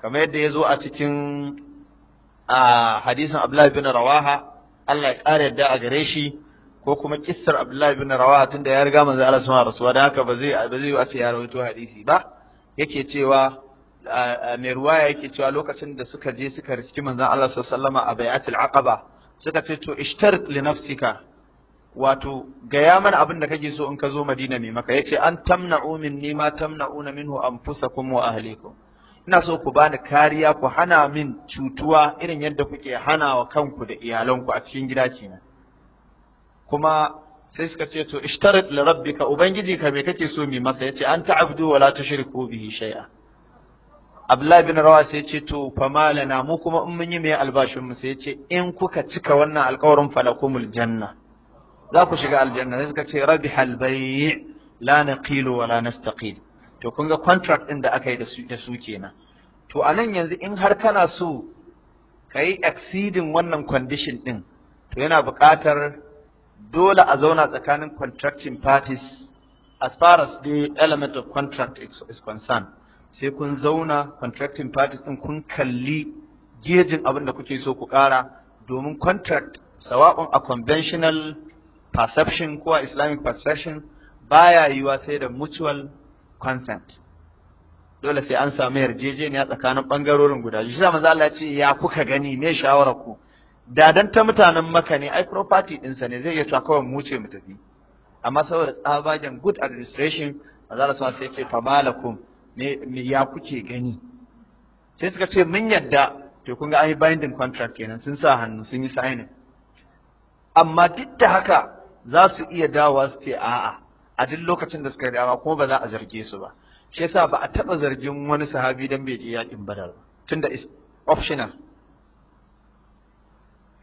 kamar yadda ya zo a cikin a hadisin Abdullahi bin Rawaha Allah ya ƙara yadda a gare shi ko kuma kissar Abdullahi bin Rawaha tunda ya riga manzo Allah subhanahu rasuwa dan haka ba zai yi zai ce ya rawaito hadisi ba yake cewa mai ruwaya yake cewa lokacin da suka je suka riski manzon Allah Sallama alaihi a bai'atul aqaba suka ce to ishtar li nafsika wato gaya mana abin da kake so in ka zo Madina ne maka yace an tamna'u ni ma tamna'una minhu anfusakum wa ahlikum ina so ku bani kariya ku hana min cutuwa irin yadda kuke hana wa kanku da iyalanku a cikin gida kenan kuma sai suka ce to ishtarit li rabbika ubangiji ka me kake so mi masa yace an ta'budu wa la tushriku bihi shay'a Abdullahi bin Rawa sai ce to fa malana mu kuma in mun yi mai albashin mu sai ce in kuka cika wannan alƙawarin falakumul janna za ku shiga aljanna sai suka ce rabihal bai' la naqilu wa la nastaqil to kun ga contract din da aka yi da su kenan to a nan yanzu in har kana so ka yi exceeding wannan condition ɗin, to yana buƙatar dole a zauna tsakanin contracting parties as far as the element of contract is concerned sai kun zauna contracting parties din kun kalli gejin abin da kuke so ku ƙara domin contract sawa'un a conventional perception ko islamic perception baya yiwa sai da mutual consent dole sai an samu yarjejeniya tsakanin bangarorin guda biyu shi manzo Allah ya ce ya kuka gani me shawara ku da dan ta mutanen maka ne ai property sa ne zai iya cewa kawai mu ce mu tafi amma saboda tsabagen good administration manzo Allah sai ya ce famalakum ne ya kuke gani sai suka ce mun yadda to kun ga an binding contract kenan sun sa hannu sun yi signing amma duk da haka za su iya dawa su ce a'a a duk lokacin da suka yi dama kuma ba za a zarge su ba shi yasa ba a taɓa zargin wani sahabi dan bai je yakin badar ba tunda is optional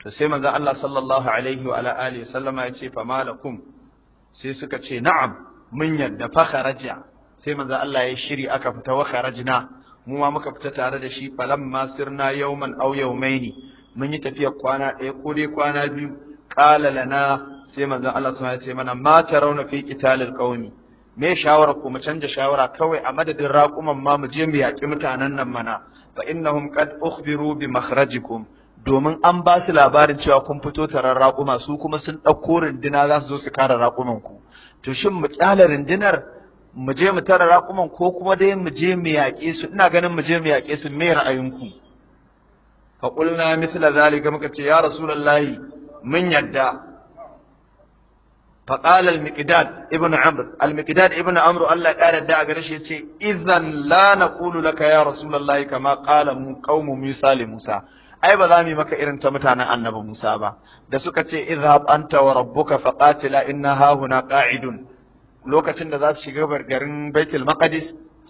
to sai manzo Allah sallallahu alaihi wa alihi sallama ya ce fa malakum sai suka ce na'am mun yadda fa kharaja sai manzo Allah ya shiri aka fita wa kharajna mu ma muka fita tare da shi falamma sirna yawman aw yawmaini mun yi tafiyar kwana ɗaya ko dai kwana biyu qala lana sai manzon Allah sun ya ce mana ma rauna fi qitalil qaumi me shawara ku mu canja shawara kawai a madadin raƙuman ma mu je mu yaƙi mutanen nan mana fa innahum qad ukhbiru bi makhrajikum domin an ba su labarin cewa kun fito taron raƙuma su kuma sun ɗauko rindina za su zo su kare raƙuman ku to shin mu kyala rindinar, mu je mu tara raƙuman ko kuma dai mu je mu yaƙe su ina ganin mu je mu yaƙe su me ra'ayinku fa qulna mithla zalika muka ce ya rasulullahi mun yarda فقال المقداد ابن عمرو المقداد ابن عمرو الله قال يدعى غرش يتي اذا لا نقول لك يا رسول الله كما قال قوم موسى لموسى ai ba za mu yi maka irin ta mutanen annabi Musa ba da suka ce idhab anta wa rabbuka faqatila inna hahuna ƙa'idun lokacin da za su shiga garin Baitul Maqdis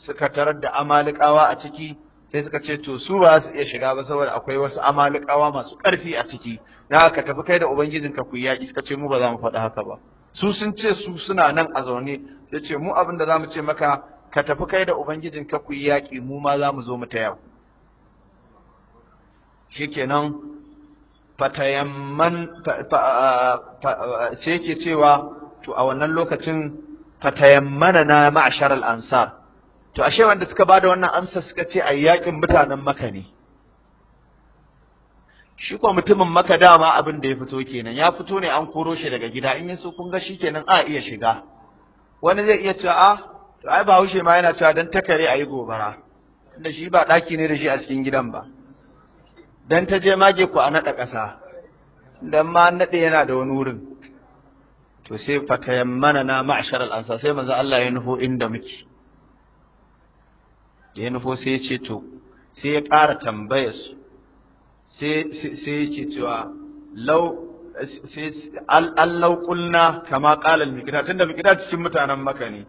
suka tarar da amalikawa a ciki sai suka ce to su ba iya shiga ba saboda akwai wasu amalikawa masu ƙarfi a ciki na ka tafi kai da ubangijinka ku yaƙi suka ce mu ba za mu faɗi haka ba su sun ce su suna nan a zaune ya ce mu abin da za mu ce maka ka tafi kai da ubangijinka ku yaƙi mu ma za mu zo mu ta yau shikenan fatayamman sai yake cewa to a wannan lokacin fatayammana na ma'asharar ansar to ashe wanda suka bada wannan amsa suka ce a yaƙin mutanen maka ne shi kuwa mutumin maka dama abin da ya fito kenan ya fito ne an koro shi daga gida in yaso kun ga kenan a iya shiga wani zai iya cewa ah, to ai bahaushe ma yana cewa dan takare ayi gobara da shi ba daki ne da shi a cikin gidan ba dan ta je mage ku a naɗa ƙasa dan ma naɗe yana da wani wurin to sai fatayammana na ma'ashar al'ansa sai manzo Allah ya nufo inda muke ya nufo sai ya ce to sai ya ƙara tambayar su sai yake cewa lau allau kulna kama qala al tunda cikin mutanen maka ne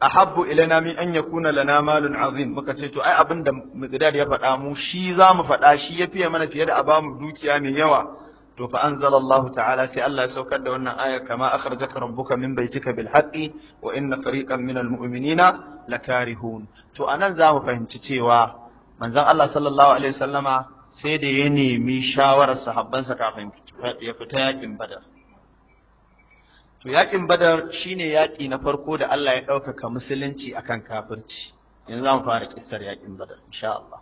ahabbu ilaina min an yakuna lana malun azim muka ce to ai abinda miqdad ya faɗa mu shi za mu faɗa shi ya fiye mana fiye da a bamu dukiya mai yawa to fa anzalallahu ta'ala sai Allah ya saukar da wannan ayar kama akhrajaka rabbuka min cika bil haqqi wa inna fariqan minal mu'minina lakarihun to anan za mu fahimci cewa manzon Allah sallallahu alaihi wasallama sai da ya nemi shawarar sahabbansa kafin ya fita yaƙin badar to yaƙin badar shi ne yaƙi na farko da Allah ya ɗaukaka musulunci akan kafirci yanzu za mu fara kissar yaƙin badar insha Allah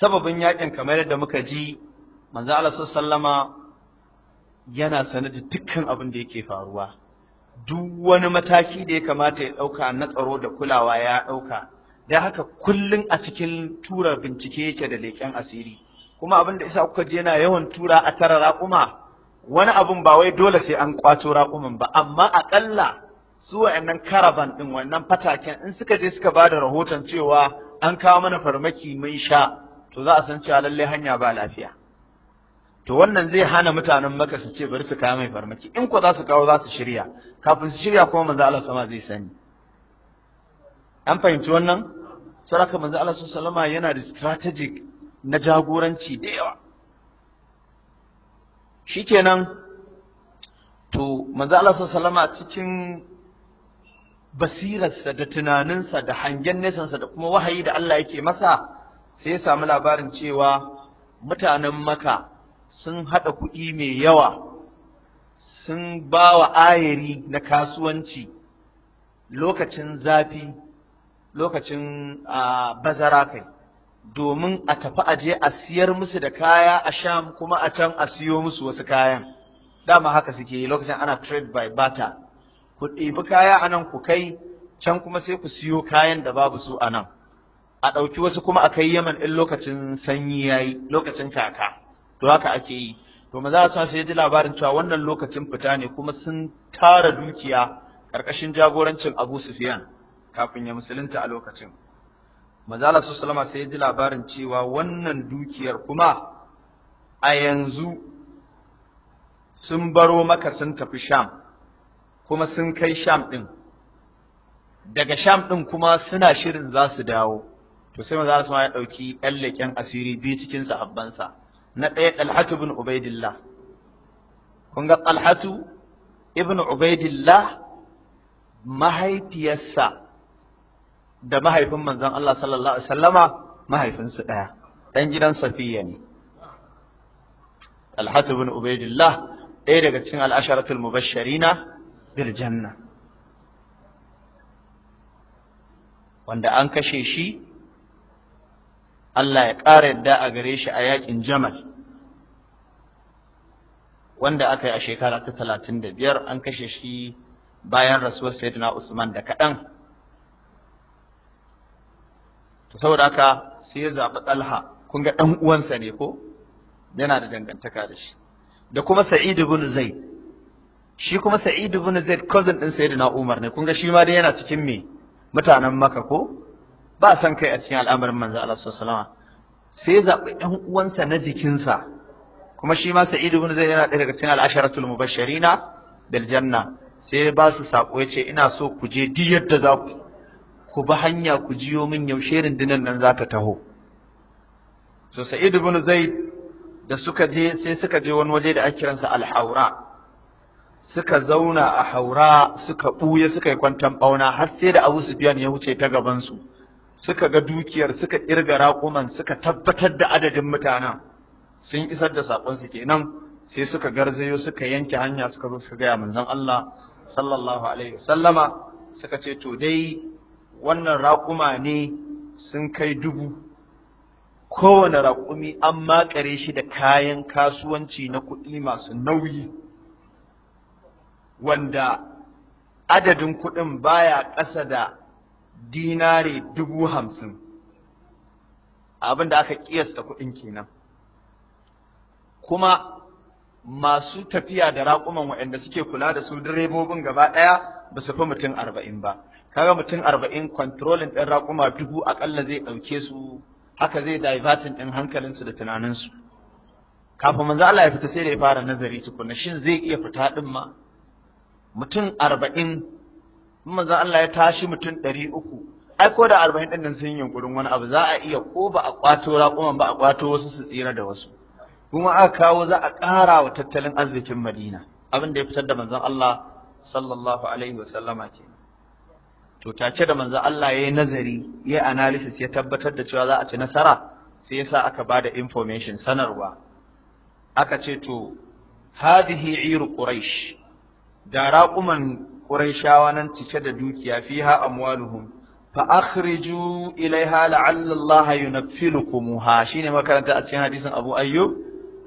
sababin yaƙin kamar yadda muka ji manzo Allah sallama yana sanadi da dukkan abin da yake faruwa duk wani mataki da ya kamata ya ɗauka na tsaro da kulawa ya ɗauka da haka kullum a cikin tura bincike yake da leken asiri kuma abin da isa kuka je yana yawan tura a tara raƙuma wani abun ba wai dole sai an kwato raƙumin ba amma aƙalla su wa'annan karaban ɗin wannan fataken in suka je suka ba da rahoton cewa an kawo mana farmaki mun sha to za a san cewa lallai hanya ba lafiya to wannan zai hana mutanen maka su ce bari su kawo mai farmaki in ko za su kawo za su shirya kafin su shirya kuma manzo Allah sama zai sani an fahimci wannan saraka manzo Allah yana da strategic na jagoranci da yawa shikenan to manzo Allah cikin basirarsa da tunaninsa da hangen nesansa da kuma wahayi da Allah yake masa sai ya samu labarin cewa mutanen maka sun haɗa kuɗi mai yawa sun ba wa ayari na kasuwanci lokacin zafi lokacin bazara kai domin a tafi aje a siyar musu da kaya a sham kuma a can a siyo musu wasu kayan dama haka suke yi lokacin ana trade by barter ku ɗebi kaya a nan ku kai can kuma sai ku siyo kayan da babu su a nan a ɗauki wasu kuma a kai yaman in lokacin sanyi ya yi lokacin kaka to haka ake yi to maza su sai ji labarin cewa wannan lokacin fita ne kuma sun tara dukiya ƙarƙashin jagorancin abu sufiyan kafin ya musulunta a lokacin manzala su salama sai ya ji labarin cewa wannan dukiyar kuma a yanzu sun baro maka sun tafi sham kuma sun kai sham ɗin daga sham ɗin kuma suna shirin za su dawo to sai manzala su ya ɗauki yan leƙen asiri biyu cikin sahabbansa na ɗaya ɗalhatu bin ubaidillah kun ga ɗalhatu ibn ubaidillah mahaifiyarsa da mahaifin manzon Allah sallallahu alaihi wasallama mahaifinsu ɗaya ɗan gidan safiya ne alhatu bin ubaidillah ɗaya daga cikin al'asharatul mubashirina bil janna wanda an kashe shi Allah ya ƙara yadda a gare shi a yaƙin jamal wanda aka yi a shekara ta talatin da biyar an kashe shi bayan rasuwar sayyidina usman da kaɗan to saboda haka sai ya zaɓi ɗalha kun ga ɗan uwansa ne ko yana da dangantaka da shi da kuma Sa'id ibn Zaid shi kuma Sa'id ibn Zaid cousin din Sayyidina Umar ne kun ga shi ma dai yana cikin me mutanen maka ko ba san kai a cikin al'amarin manzo Allah sallallahu alaihi wasallam sai zaɓi ɗan uwansa na jikinsa kuma shi ma Sa'id ibn Zaid yana ɗaya daga cikin al'asharatul asharatul mubashshirina bil janna sai ba su sako ce ina so ku je duk yadda za ku ku bi hanya ku jiyo min yaushe rundunar nan za ta taho so sa'id ibn zaid da suka je sai suka je wani waje da ake kiransa al-haura suka zauna a haura suka ɓuya suka yi kwantan ɓauna har sai da abu sufyan ya wuce ta gabansu suka ga dukiyar suka kirga raƙuman suka tabbatar da adadin mutanen sun isar da saƙonsu kenan sai suka garzayo suka yanke hanya suka zo suka gaya manzon Allah sallallahu alaihi wasallama suka ce to dai wannan raƙuma ne sun kai dubu kowane raƙumi an makare shi da kayan kasuwanci na kuɗi masu nauyi wanda adadin kuɗin baya ƙasa da dinare dubu hamsin abin da aka ƙiyasta kuɗin kenan kuma masu tafiya da raƙuman waɗanda suke kula da su direbobin gaba ɗaya ba su fi mutum arba'in ba kaga mutum arba'in controlling ɗin raƙuma dubu aƙalla zai ɗauke su haka zai divertin ɗin hankalinsu da tunanin su, kafin manzo Allah ya fita sai da ya fara nazari tukunna shin zai iya fita ɗin ma mutum arba'in manzo Allah ya tashi mutum ɗari uku ai ko da arba'in ɗin nan sun yunkurin wani abu za a iya ko ba a ƙwato raƙuman ba a ƙwato wasu su tsira da wasu kuma aka kawo za a ƙara wa tattalin arzikin Madina abin da ya fitar da manzon Allah sallallahu alaihi wa sallama ke to take da manzo Allah yayi nazari yayi analysis ya tabbatar da cewa za a ci nasara sai yasa aka bada information sanarwa aka ce to hadhihi iru quraish da raquman quraishawa nan cike da dukiya fiha amwaluhum fa akhriju ilaiha la'alla Allah yunaffilukumuha shine makaranta a cikin hadisin Abu Ayyub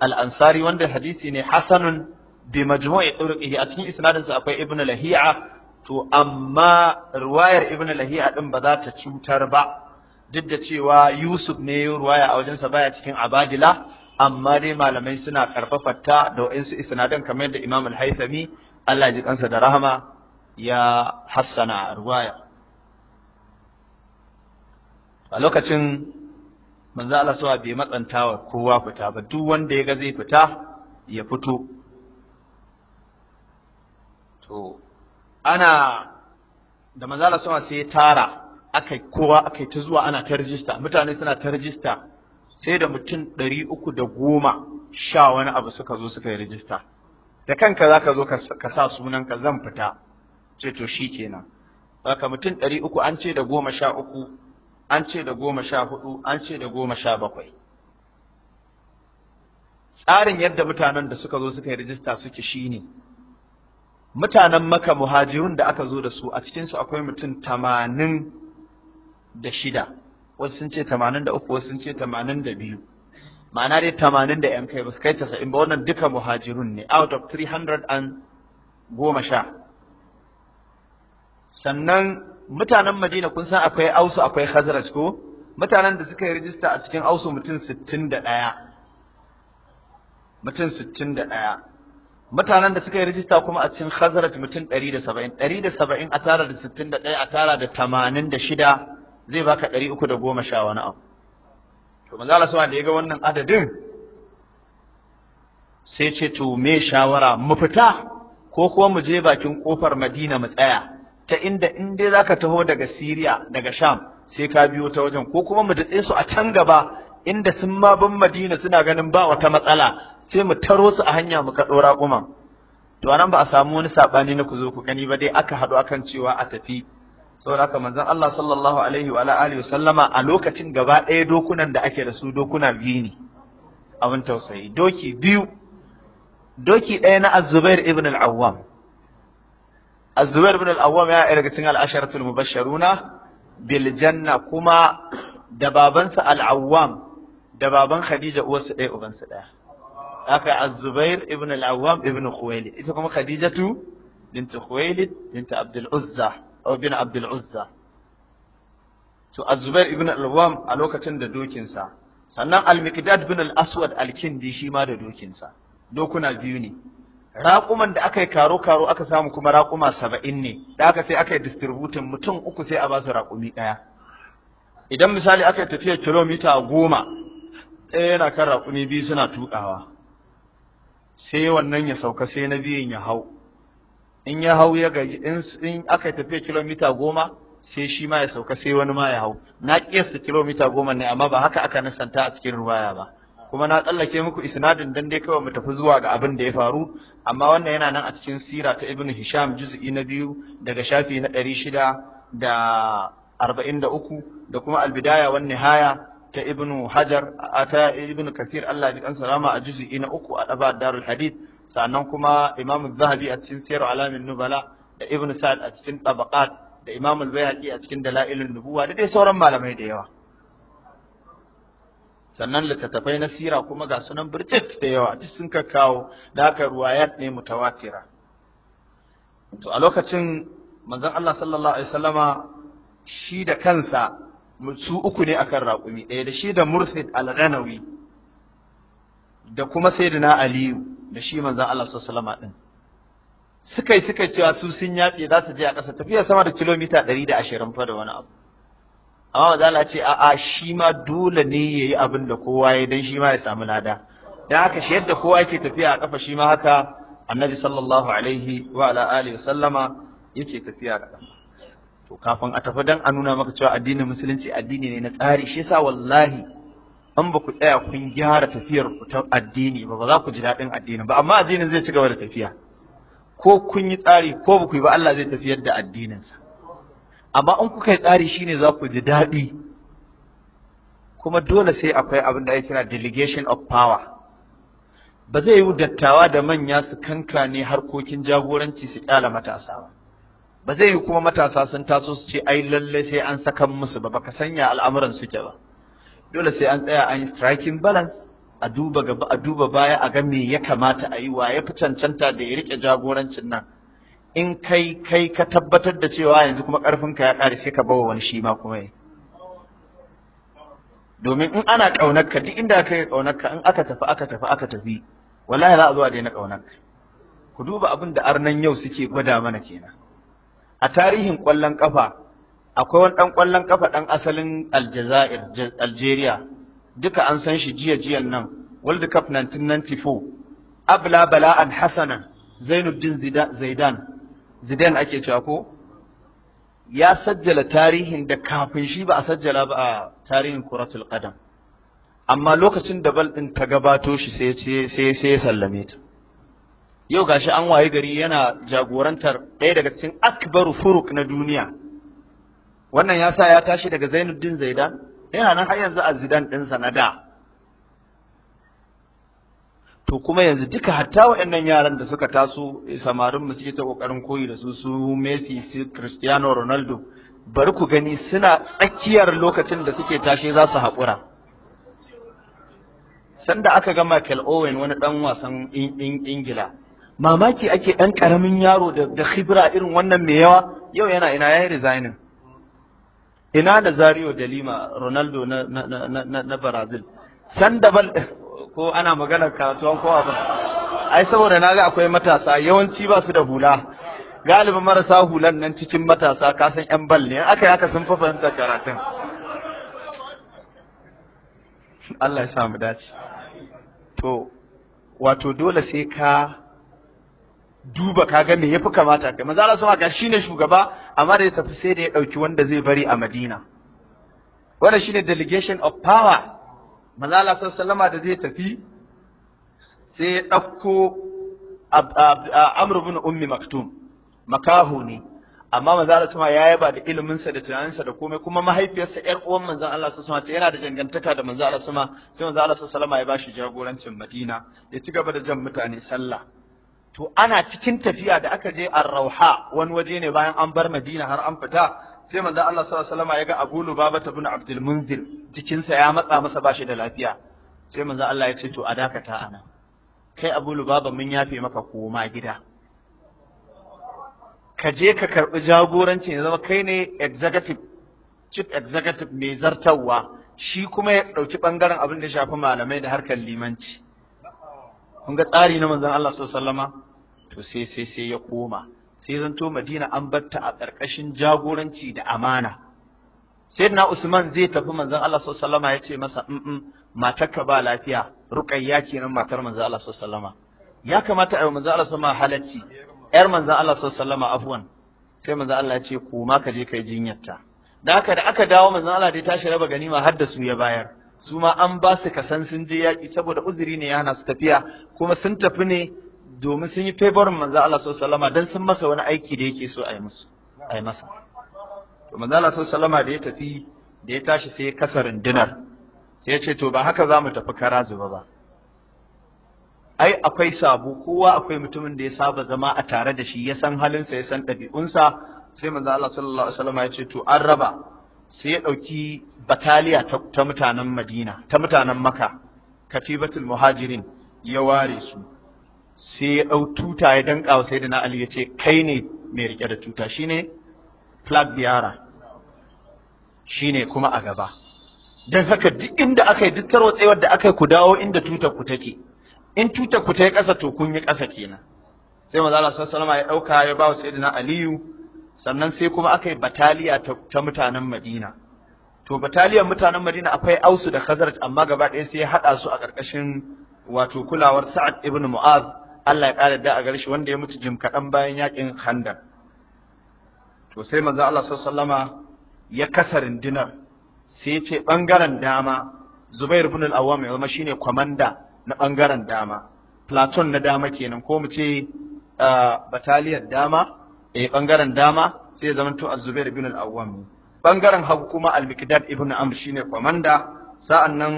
al-Ansari wanda hadisi ne hasanun bi majmu'i turqihi a cikin isnadinsa akwai Ibn Lahi'a to amma ruwayar ibn lahiya din ba za ta cutar ba duk da cewa yusuf ne ya ruwaya a wajensa baya cikin abadila amma dai malamai suna da ta da wa'insu isnadan kamar da imam al-haythami Allah ji kansa da rahama ya hassana ruwaya a lokacin manzo Allah bai matsanta wa kowa fita ba duk wanda ya ga zai fita ya fito ana da maza manzala sama sai tara aka kowa aka ta zuwa ana ta rijista mutane suna ta rijista sai da mutum ɗari uku da goma sha wani abu suka zo suka yi rijista da kanka za ka zo ka sa sunanka zan fita ce to shi kenan haka mutum ɗari uku an ce da goma sha uku an ce da goma sha hudu an ce da goma sha bakwai tsarin yadda mutanen da suka zo suka yi rijista suke shine ne mutanen maka muhajirun da aka zo da su a cikinsu akwai mutum tamanin da shida wasu sun ce tamanin da uku wasu sun ce tamanin da biyu ma'ana dai tamanin da yan kai ba su kai casa'in ba wannan duka muhajirun ne out of 300 an goma sha sannan mutanen madina kun san akwai ausu akwai khazraj ko mutanen da suka yi rijista a cikin ausu mutum 61 da ɗaya mutum sittin da ɗaya mutanen da suka yi rijista kuma a cikin khazaraj mutum 170 170 a tara da 61 a tara da 86 zai baka 310 sha wani abu to manzo Allah sallallahu da ya ga wannan adadin sai ce to me shawara mu fita ko kuma mu je bakin kofar Madina mu tsaya ta inda in dai zaka taho daga Syria daga Sham sai ka biyo ta wajen ko kuma mu datse su a can gaba inda sun ma bin Madina suna ganin ba wata matsala sai mu taro su a hanya mu kaɗo raƙuman to anan ba a samu wani saɓani na ku zo ku gani ba dai aka haɗu akan cewa a tafi saboda haka manzon Allah sallallahu alaihi wa alihi sallama a lokacin gaba ɗaya dokunan da ake da su dokuna biyu ne abin tausayi doki biyu doki ɗaya na Az-Zubair ibn al-Awwam Az-Zubair ibn al-Awwam ya daga cikin al-asharatul mubashsharuna bil janna kuma da babansa al-Awwam da baban Khadija uwarsa ɗaya ubansa ɗaya aka Az-Zubair ibn al-Awwam ibn Khuwaili, ita kuma Khadijatu binta Khuwaili binta Abdul Uzza aw bin Abdul Uzza to Az-Zubair ibn al-Awwam a lokacin da dokinsa sannan Al-Miqdad ibn al-Aswad al-Kindi shi ma da dokinsa dokuna biyu ne raƙuman da aka yi karo-karo aka samu kuma raƙuma saba'in ne da aka sai aka yi distributin mutum uku sai a ba su raƙumi ɗaya idan misali aka yi tafiya kilomita goma ɗaya yana kan raƙumi biyu suna tuƙawa sai wannan ya sauka sai na biyun ya hau in ya hau ya gaji in aka tafiya kilomita goma sai shi ma ya sauka sai wani ma ya hau na kiyasta kilomita goma ne amma ba haka aka nisanta a cikin ruwaya ba kuma na tsallake muku isnadin dan dai kawai mu tafi zuwa ga abin da ya faru amma wannan yana nan a cikin sira ta ibnu hisham juz'i na biyu daga shafi na ɗari shida da arba'in da uku da kuma albidaya wani nihaya ta ibnu hajar ta ibnu kathir Allah ji kansa rama a juz'i na uku a daba darul hadith sannan kuma imam zahabi a cikin sayar alamin nubala da ibnu sa'ad a cikin tabaqat da imam al-bayhaqi a cikin dalailun nubuwa da dai sauran malamai da yawa sannan littattafai na sira kuma ga sunan birtik da yawa duk sun kawo da haka ruwayat ne mutawatira to a lokacin manzon Allah sallallahu alaihi wasallama shi da kansa su uku ne akan raƙumi ɗaya da shi da murfid al-ghanawi da kuma sayyidina aliyu da shi manzon Allah sallallahu alaihi wasallam suka yi suka cewa su sun yaƙe za su je a ƙasa tafiya sama da kilomita ɗari da ashirin fa da wani abu amma Allah ce a'a shi ma dole ne ya yi abin da kowa ya dan shi ma ya samu lada don haka shi yadda kowa yake tafiya a ƙafa shi ma haka annabi sallallahu alaihi wa ala alihi wa sallama yake tafiya a ƙafa to kafin a tafi dan a nuna maka cewa addinin musulunci addini ne na tsari shi yasa wallahi an ba ku tsaya kun gyara tafiyar ku ta addini ba ba za ku ji daɗin addini ba amma addinin zai ci gaba da tafiya ko kun yi tsari ko ba ku yi ba Allah zai tafiyar da addininsa amma in kuka yi tsari shine za ku ji daɗi kuma dole sai akwai abin da ake kira delegation of power ba zai yi dattawa da manya su kankane harkokin jagoranci su kyala matasa ba ba zai yi kuma matasa sun taso su ce ai lalle sai an sakan musu ba baka sanya al'amuran suke ba dole sai an tsaya an yi striking balance a duba gaba a duba baya a ga me ya kamata a yi wa ya fi cancanta da ya rike jagorancin nan in kai kai ka tabbatar da cewa yanzu kuma karfin ka ya kare sai ka bawa wani shi ma kuma yi domin in ana kaunar ka duk inda kai kaunar ka in aka tafi aka tafi aka tafi wallahi za a zo a daina kaunar ka ku duba abin da arnan yau suke gwada mana kenan a tarihin ƙwallon ƙafa akwai wani ɗan ƙwallon ƙafa ɗan asalin Aljazair Algeria duka an san shi jiya jiyan nan World Cup 1994 abla bala'an hasanan Zainuddin Zaidan zidan ake cewa ko ya sajjala tarihin da kafin shi ba a sajjala ba a tarihin kuratul qadam amma lokacin da bal ɗin ta gabato shi sai sai ya sallame ta yau gashi an waye gari yana jagorantar ɗaya daga cikin akbaru furuk na duniya wannan ya sa ya tashi daga zainuddin zaidan yana nan har yanzu a zidan ɗinsa na da to kuma yanzu duka hatta waɗannan yaran da suka taso samarin mu suke ta kokarin koyi da su su Messi su Cristiano Ronaldo bari ku gani suna tsakiyar lokacin da suke tashe za su haƙura sanda aka ga Michael Owen wani ɗan wasan Ingila mamaki ake ɗan ƙaramin yaro da khibra irin wannan mai yawa yau yana ina ya yi resignin ina da zario da lima ronaldo na brazil sandabal eh, ko ana maganar karatuwan kowa ba ai saboda na ga akwai matasa yawanci ba su da hula galibin marasa hulan nan cikin matasa kasan yan bal ne aka yaka sun fa fahimtar karatun Allah ya sa mu dace to wato dole sai ka duba kaga me yafi kamata kai manzo Allah sallallahu alaihi shine shugaba amma da ya tafi sai da ya dauki wanda zai bari a Madina wannan shine delegation of power manzo Allah sallallahu da zai tafi sai ya dauko Amr ibn Ummi Maktum makahu ne amma manzo Allah sallallahu ya yaba da ilimin sa da tunaninsa da komai kuma mahaifiyarsa ƴar uwan manzo Allah sallallahu alaihi yana da dangantaka da manzo Allah sallallahu alaihi sai manzo Allah sallallahu alaihi ya bashi jagorancin Madina ya ci gaba da jan mutane sallah to ana cikin tafiya da aka je ar-rauha wani waje ne bayan an bar madina har an fita sai manzo Allah sallallahu alaihi wasallam ya ga Abu Lubaba bin Abdul Munzir jikinsa ya matsa masa bashi da lafiya sai manzo Allah ya ce to a dakata ana kai Abu Lubaba mun yafe maka koma gida ka je ka karbi jagoranci ya zama kai ne executive chief executive mai zartarwa shi kuma ya dauki bangaren abin da shafi malamai da harkar limanci kun ga tsari na manzon Allah sallallahu to sai sai sai ya koma sai zanto Madina an batta a ƙarƙashin jagoranci da amana sayyidina Usman zai tafi manzon Allah sallallahu ya ce masa in matarka ba lafiya ruqayya kenan matar manzon Allah sallallahu ya kamata ai manzon Allah sallallahu halacci yar manzon Allah sallallahu afwan sai manzon Allah ya ce koma ka je kai jinyarta da haka da aka dawo manzon Allah da ya tashi raba ganima har da su ya bayar su ma an ba su kasan sun je yaƙi saboda uzuri ne ya hana su tafiya kuma sun tafi ne domin sun yi favorin manzo Allah sallallahu dan sun masa wani aiki da yake so a yi musu a yi masa to manzo Allah sallallahu da ya tafi da ya tashi sai ya kasa rundunar sai ya ce to ba haka za mu tafi kara zuba ba ai akwai sabo kowa akwai mutumin da ya saba zama a tare da shi ya san halinsa ya san ɗabi'unsa sai manzo Allah sallallahu alaihi wasallam ya ce to an raba sai ya ɗauki bataliya ta mutanen madina ta mutanen maka katibatul muhajirin ya ware su sai ya ɗau tuta ya danka wa sai na ali ya ce kai ne mai riƙe da tuta Shi ne flag biyara ne kuma a gaba don haka duk inda aka yi duk tarwatsewar da aka yi ku dawo inda tutar ku take in tutar ku ta yi ƙasa to kun yi ƙasa kenan sai maza Allah sallallahu alaihi wasallam ya ɗauka ya ba wa sayyidina aliyu sannan sai kuma aka yi bataliya ta mutanen Madina to bataliyar mutanen Madina akwai Ausu da Khazraj amma gaba ɗaya sai ya haɗa su a ƙarƙashin wato kulawar Sa'ad ibn Mu'az Allah ya ƙara da a gare wanda ya mutu jim kaɗan bayan yaƙin handar. to sai manzo Allah sallama ya kasa rundunar sai ya ce ɓangaren dama Zubair ibn al-Awwam ya zama shine kwamanda na ɓangaren dama platon na dama kenan ko mu ce ah, bataliyar dama eh bangaren dama sai zama zamanto az-zubair ibn al-awwam bangaren hagu kuma al-miqdad ibn amr shine komanda sa'annan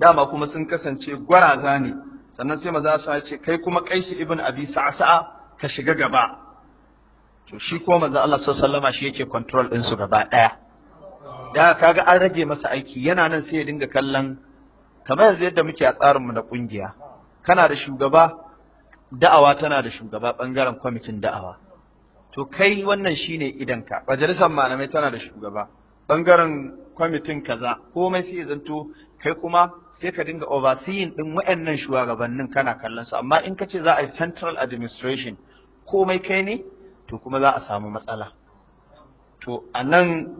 dama kuma sun kasance gwaraza ne sannan sai maza su ce kai kuma kaishi ibn abi sa'a-sa'a ka shiga gaba to shi ko maza Allah sallallahu alaihi shi yake control din su gaba ɗaya. da kaga an rage masa aiki yana nan sai ya dinga kallon kamar yanzu yadda muke a tsarinmu na kungiya kana da shugaba da'awa tana da shugaba bangaren kwamitin da'awa to kai wannan shine idanka majalisar malamai tana da shugaba bangaren kwamitin kaza komai sai zanto kai kuma sai ka dinga overseeing din wayannan shugabannin kana kallon su amma in ka ce za a yi central administration komai kai ne to kuma za a samu matsala to anan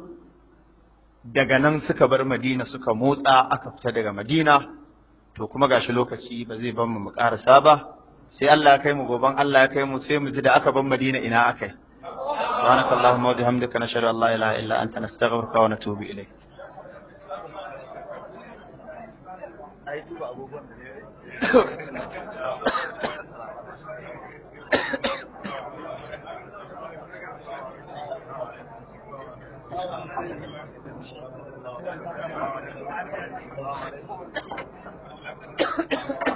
daga nan suka bar Madina suka motsa aka fita daga Madina to kuma gashi lokaci ba zai ban mu mu karasa ba sai Allah ya kai mu goban Allah ya kai mu sai mu ji da aka ban Madina ina akai سبحانك اللهم وبحمدك نشهد ان لا اله الا انت نستغفرك ونتوب اليك Thank you.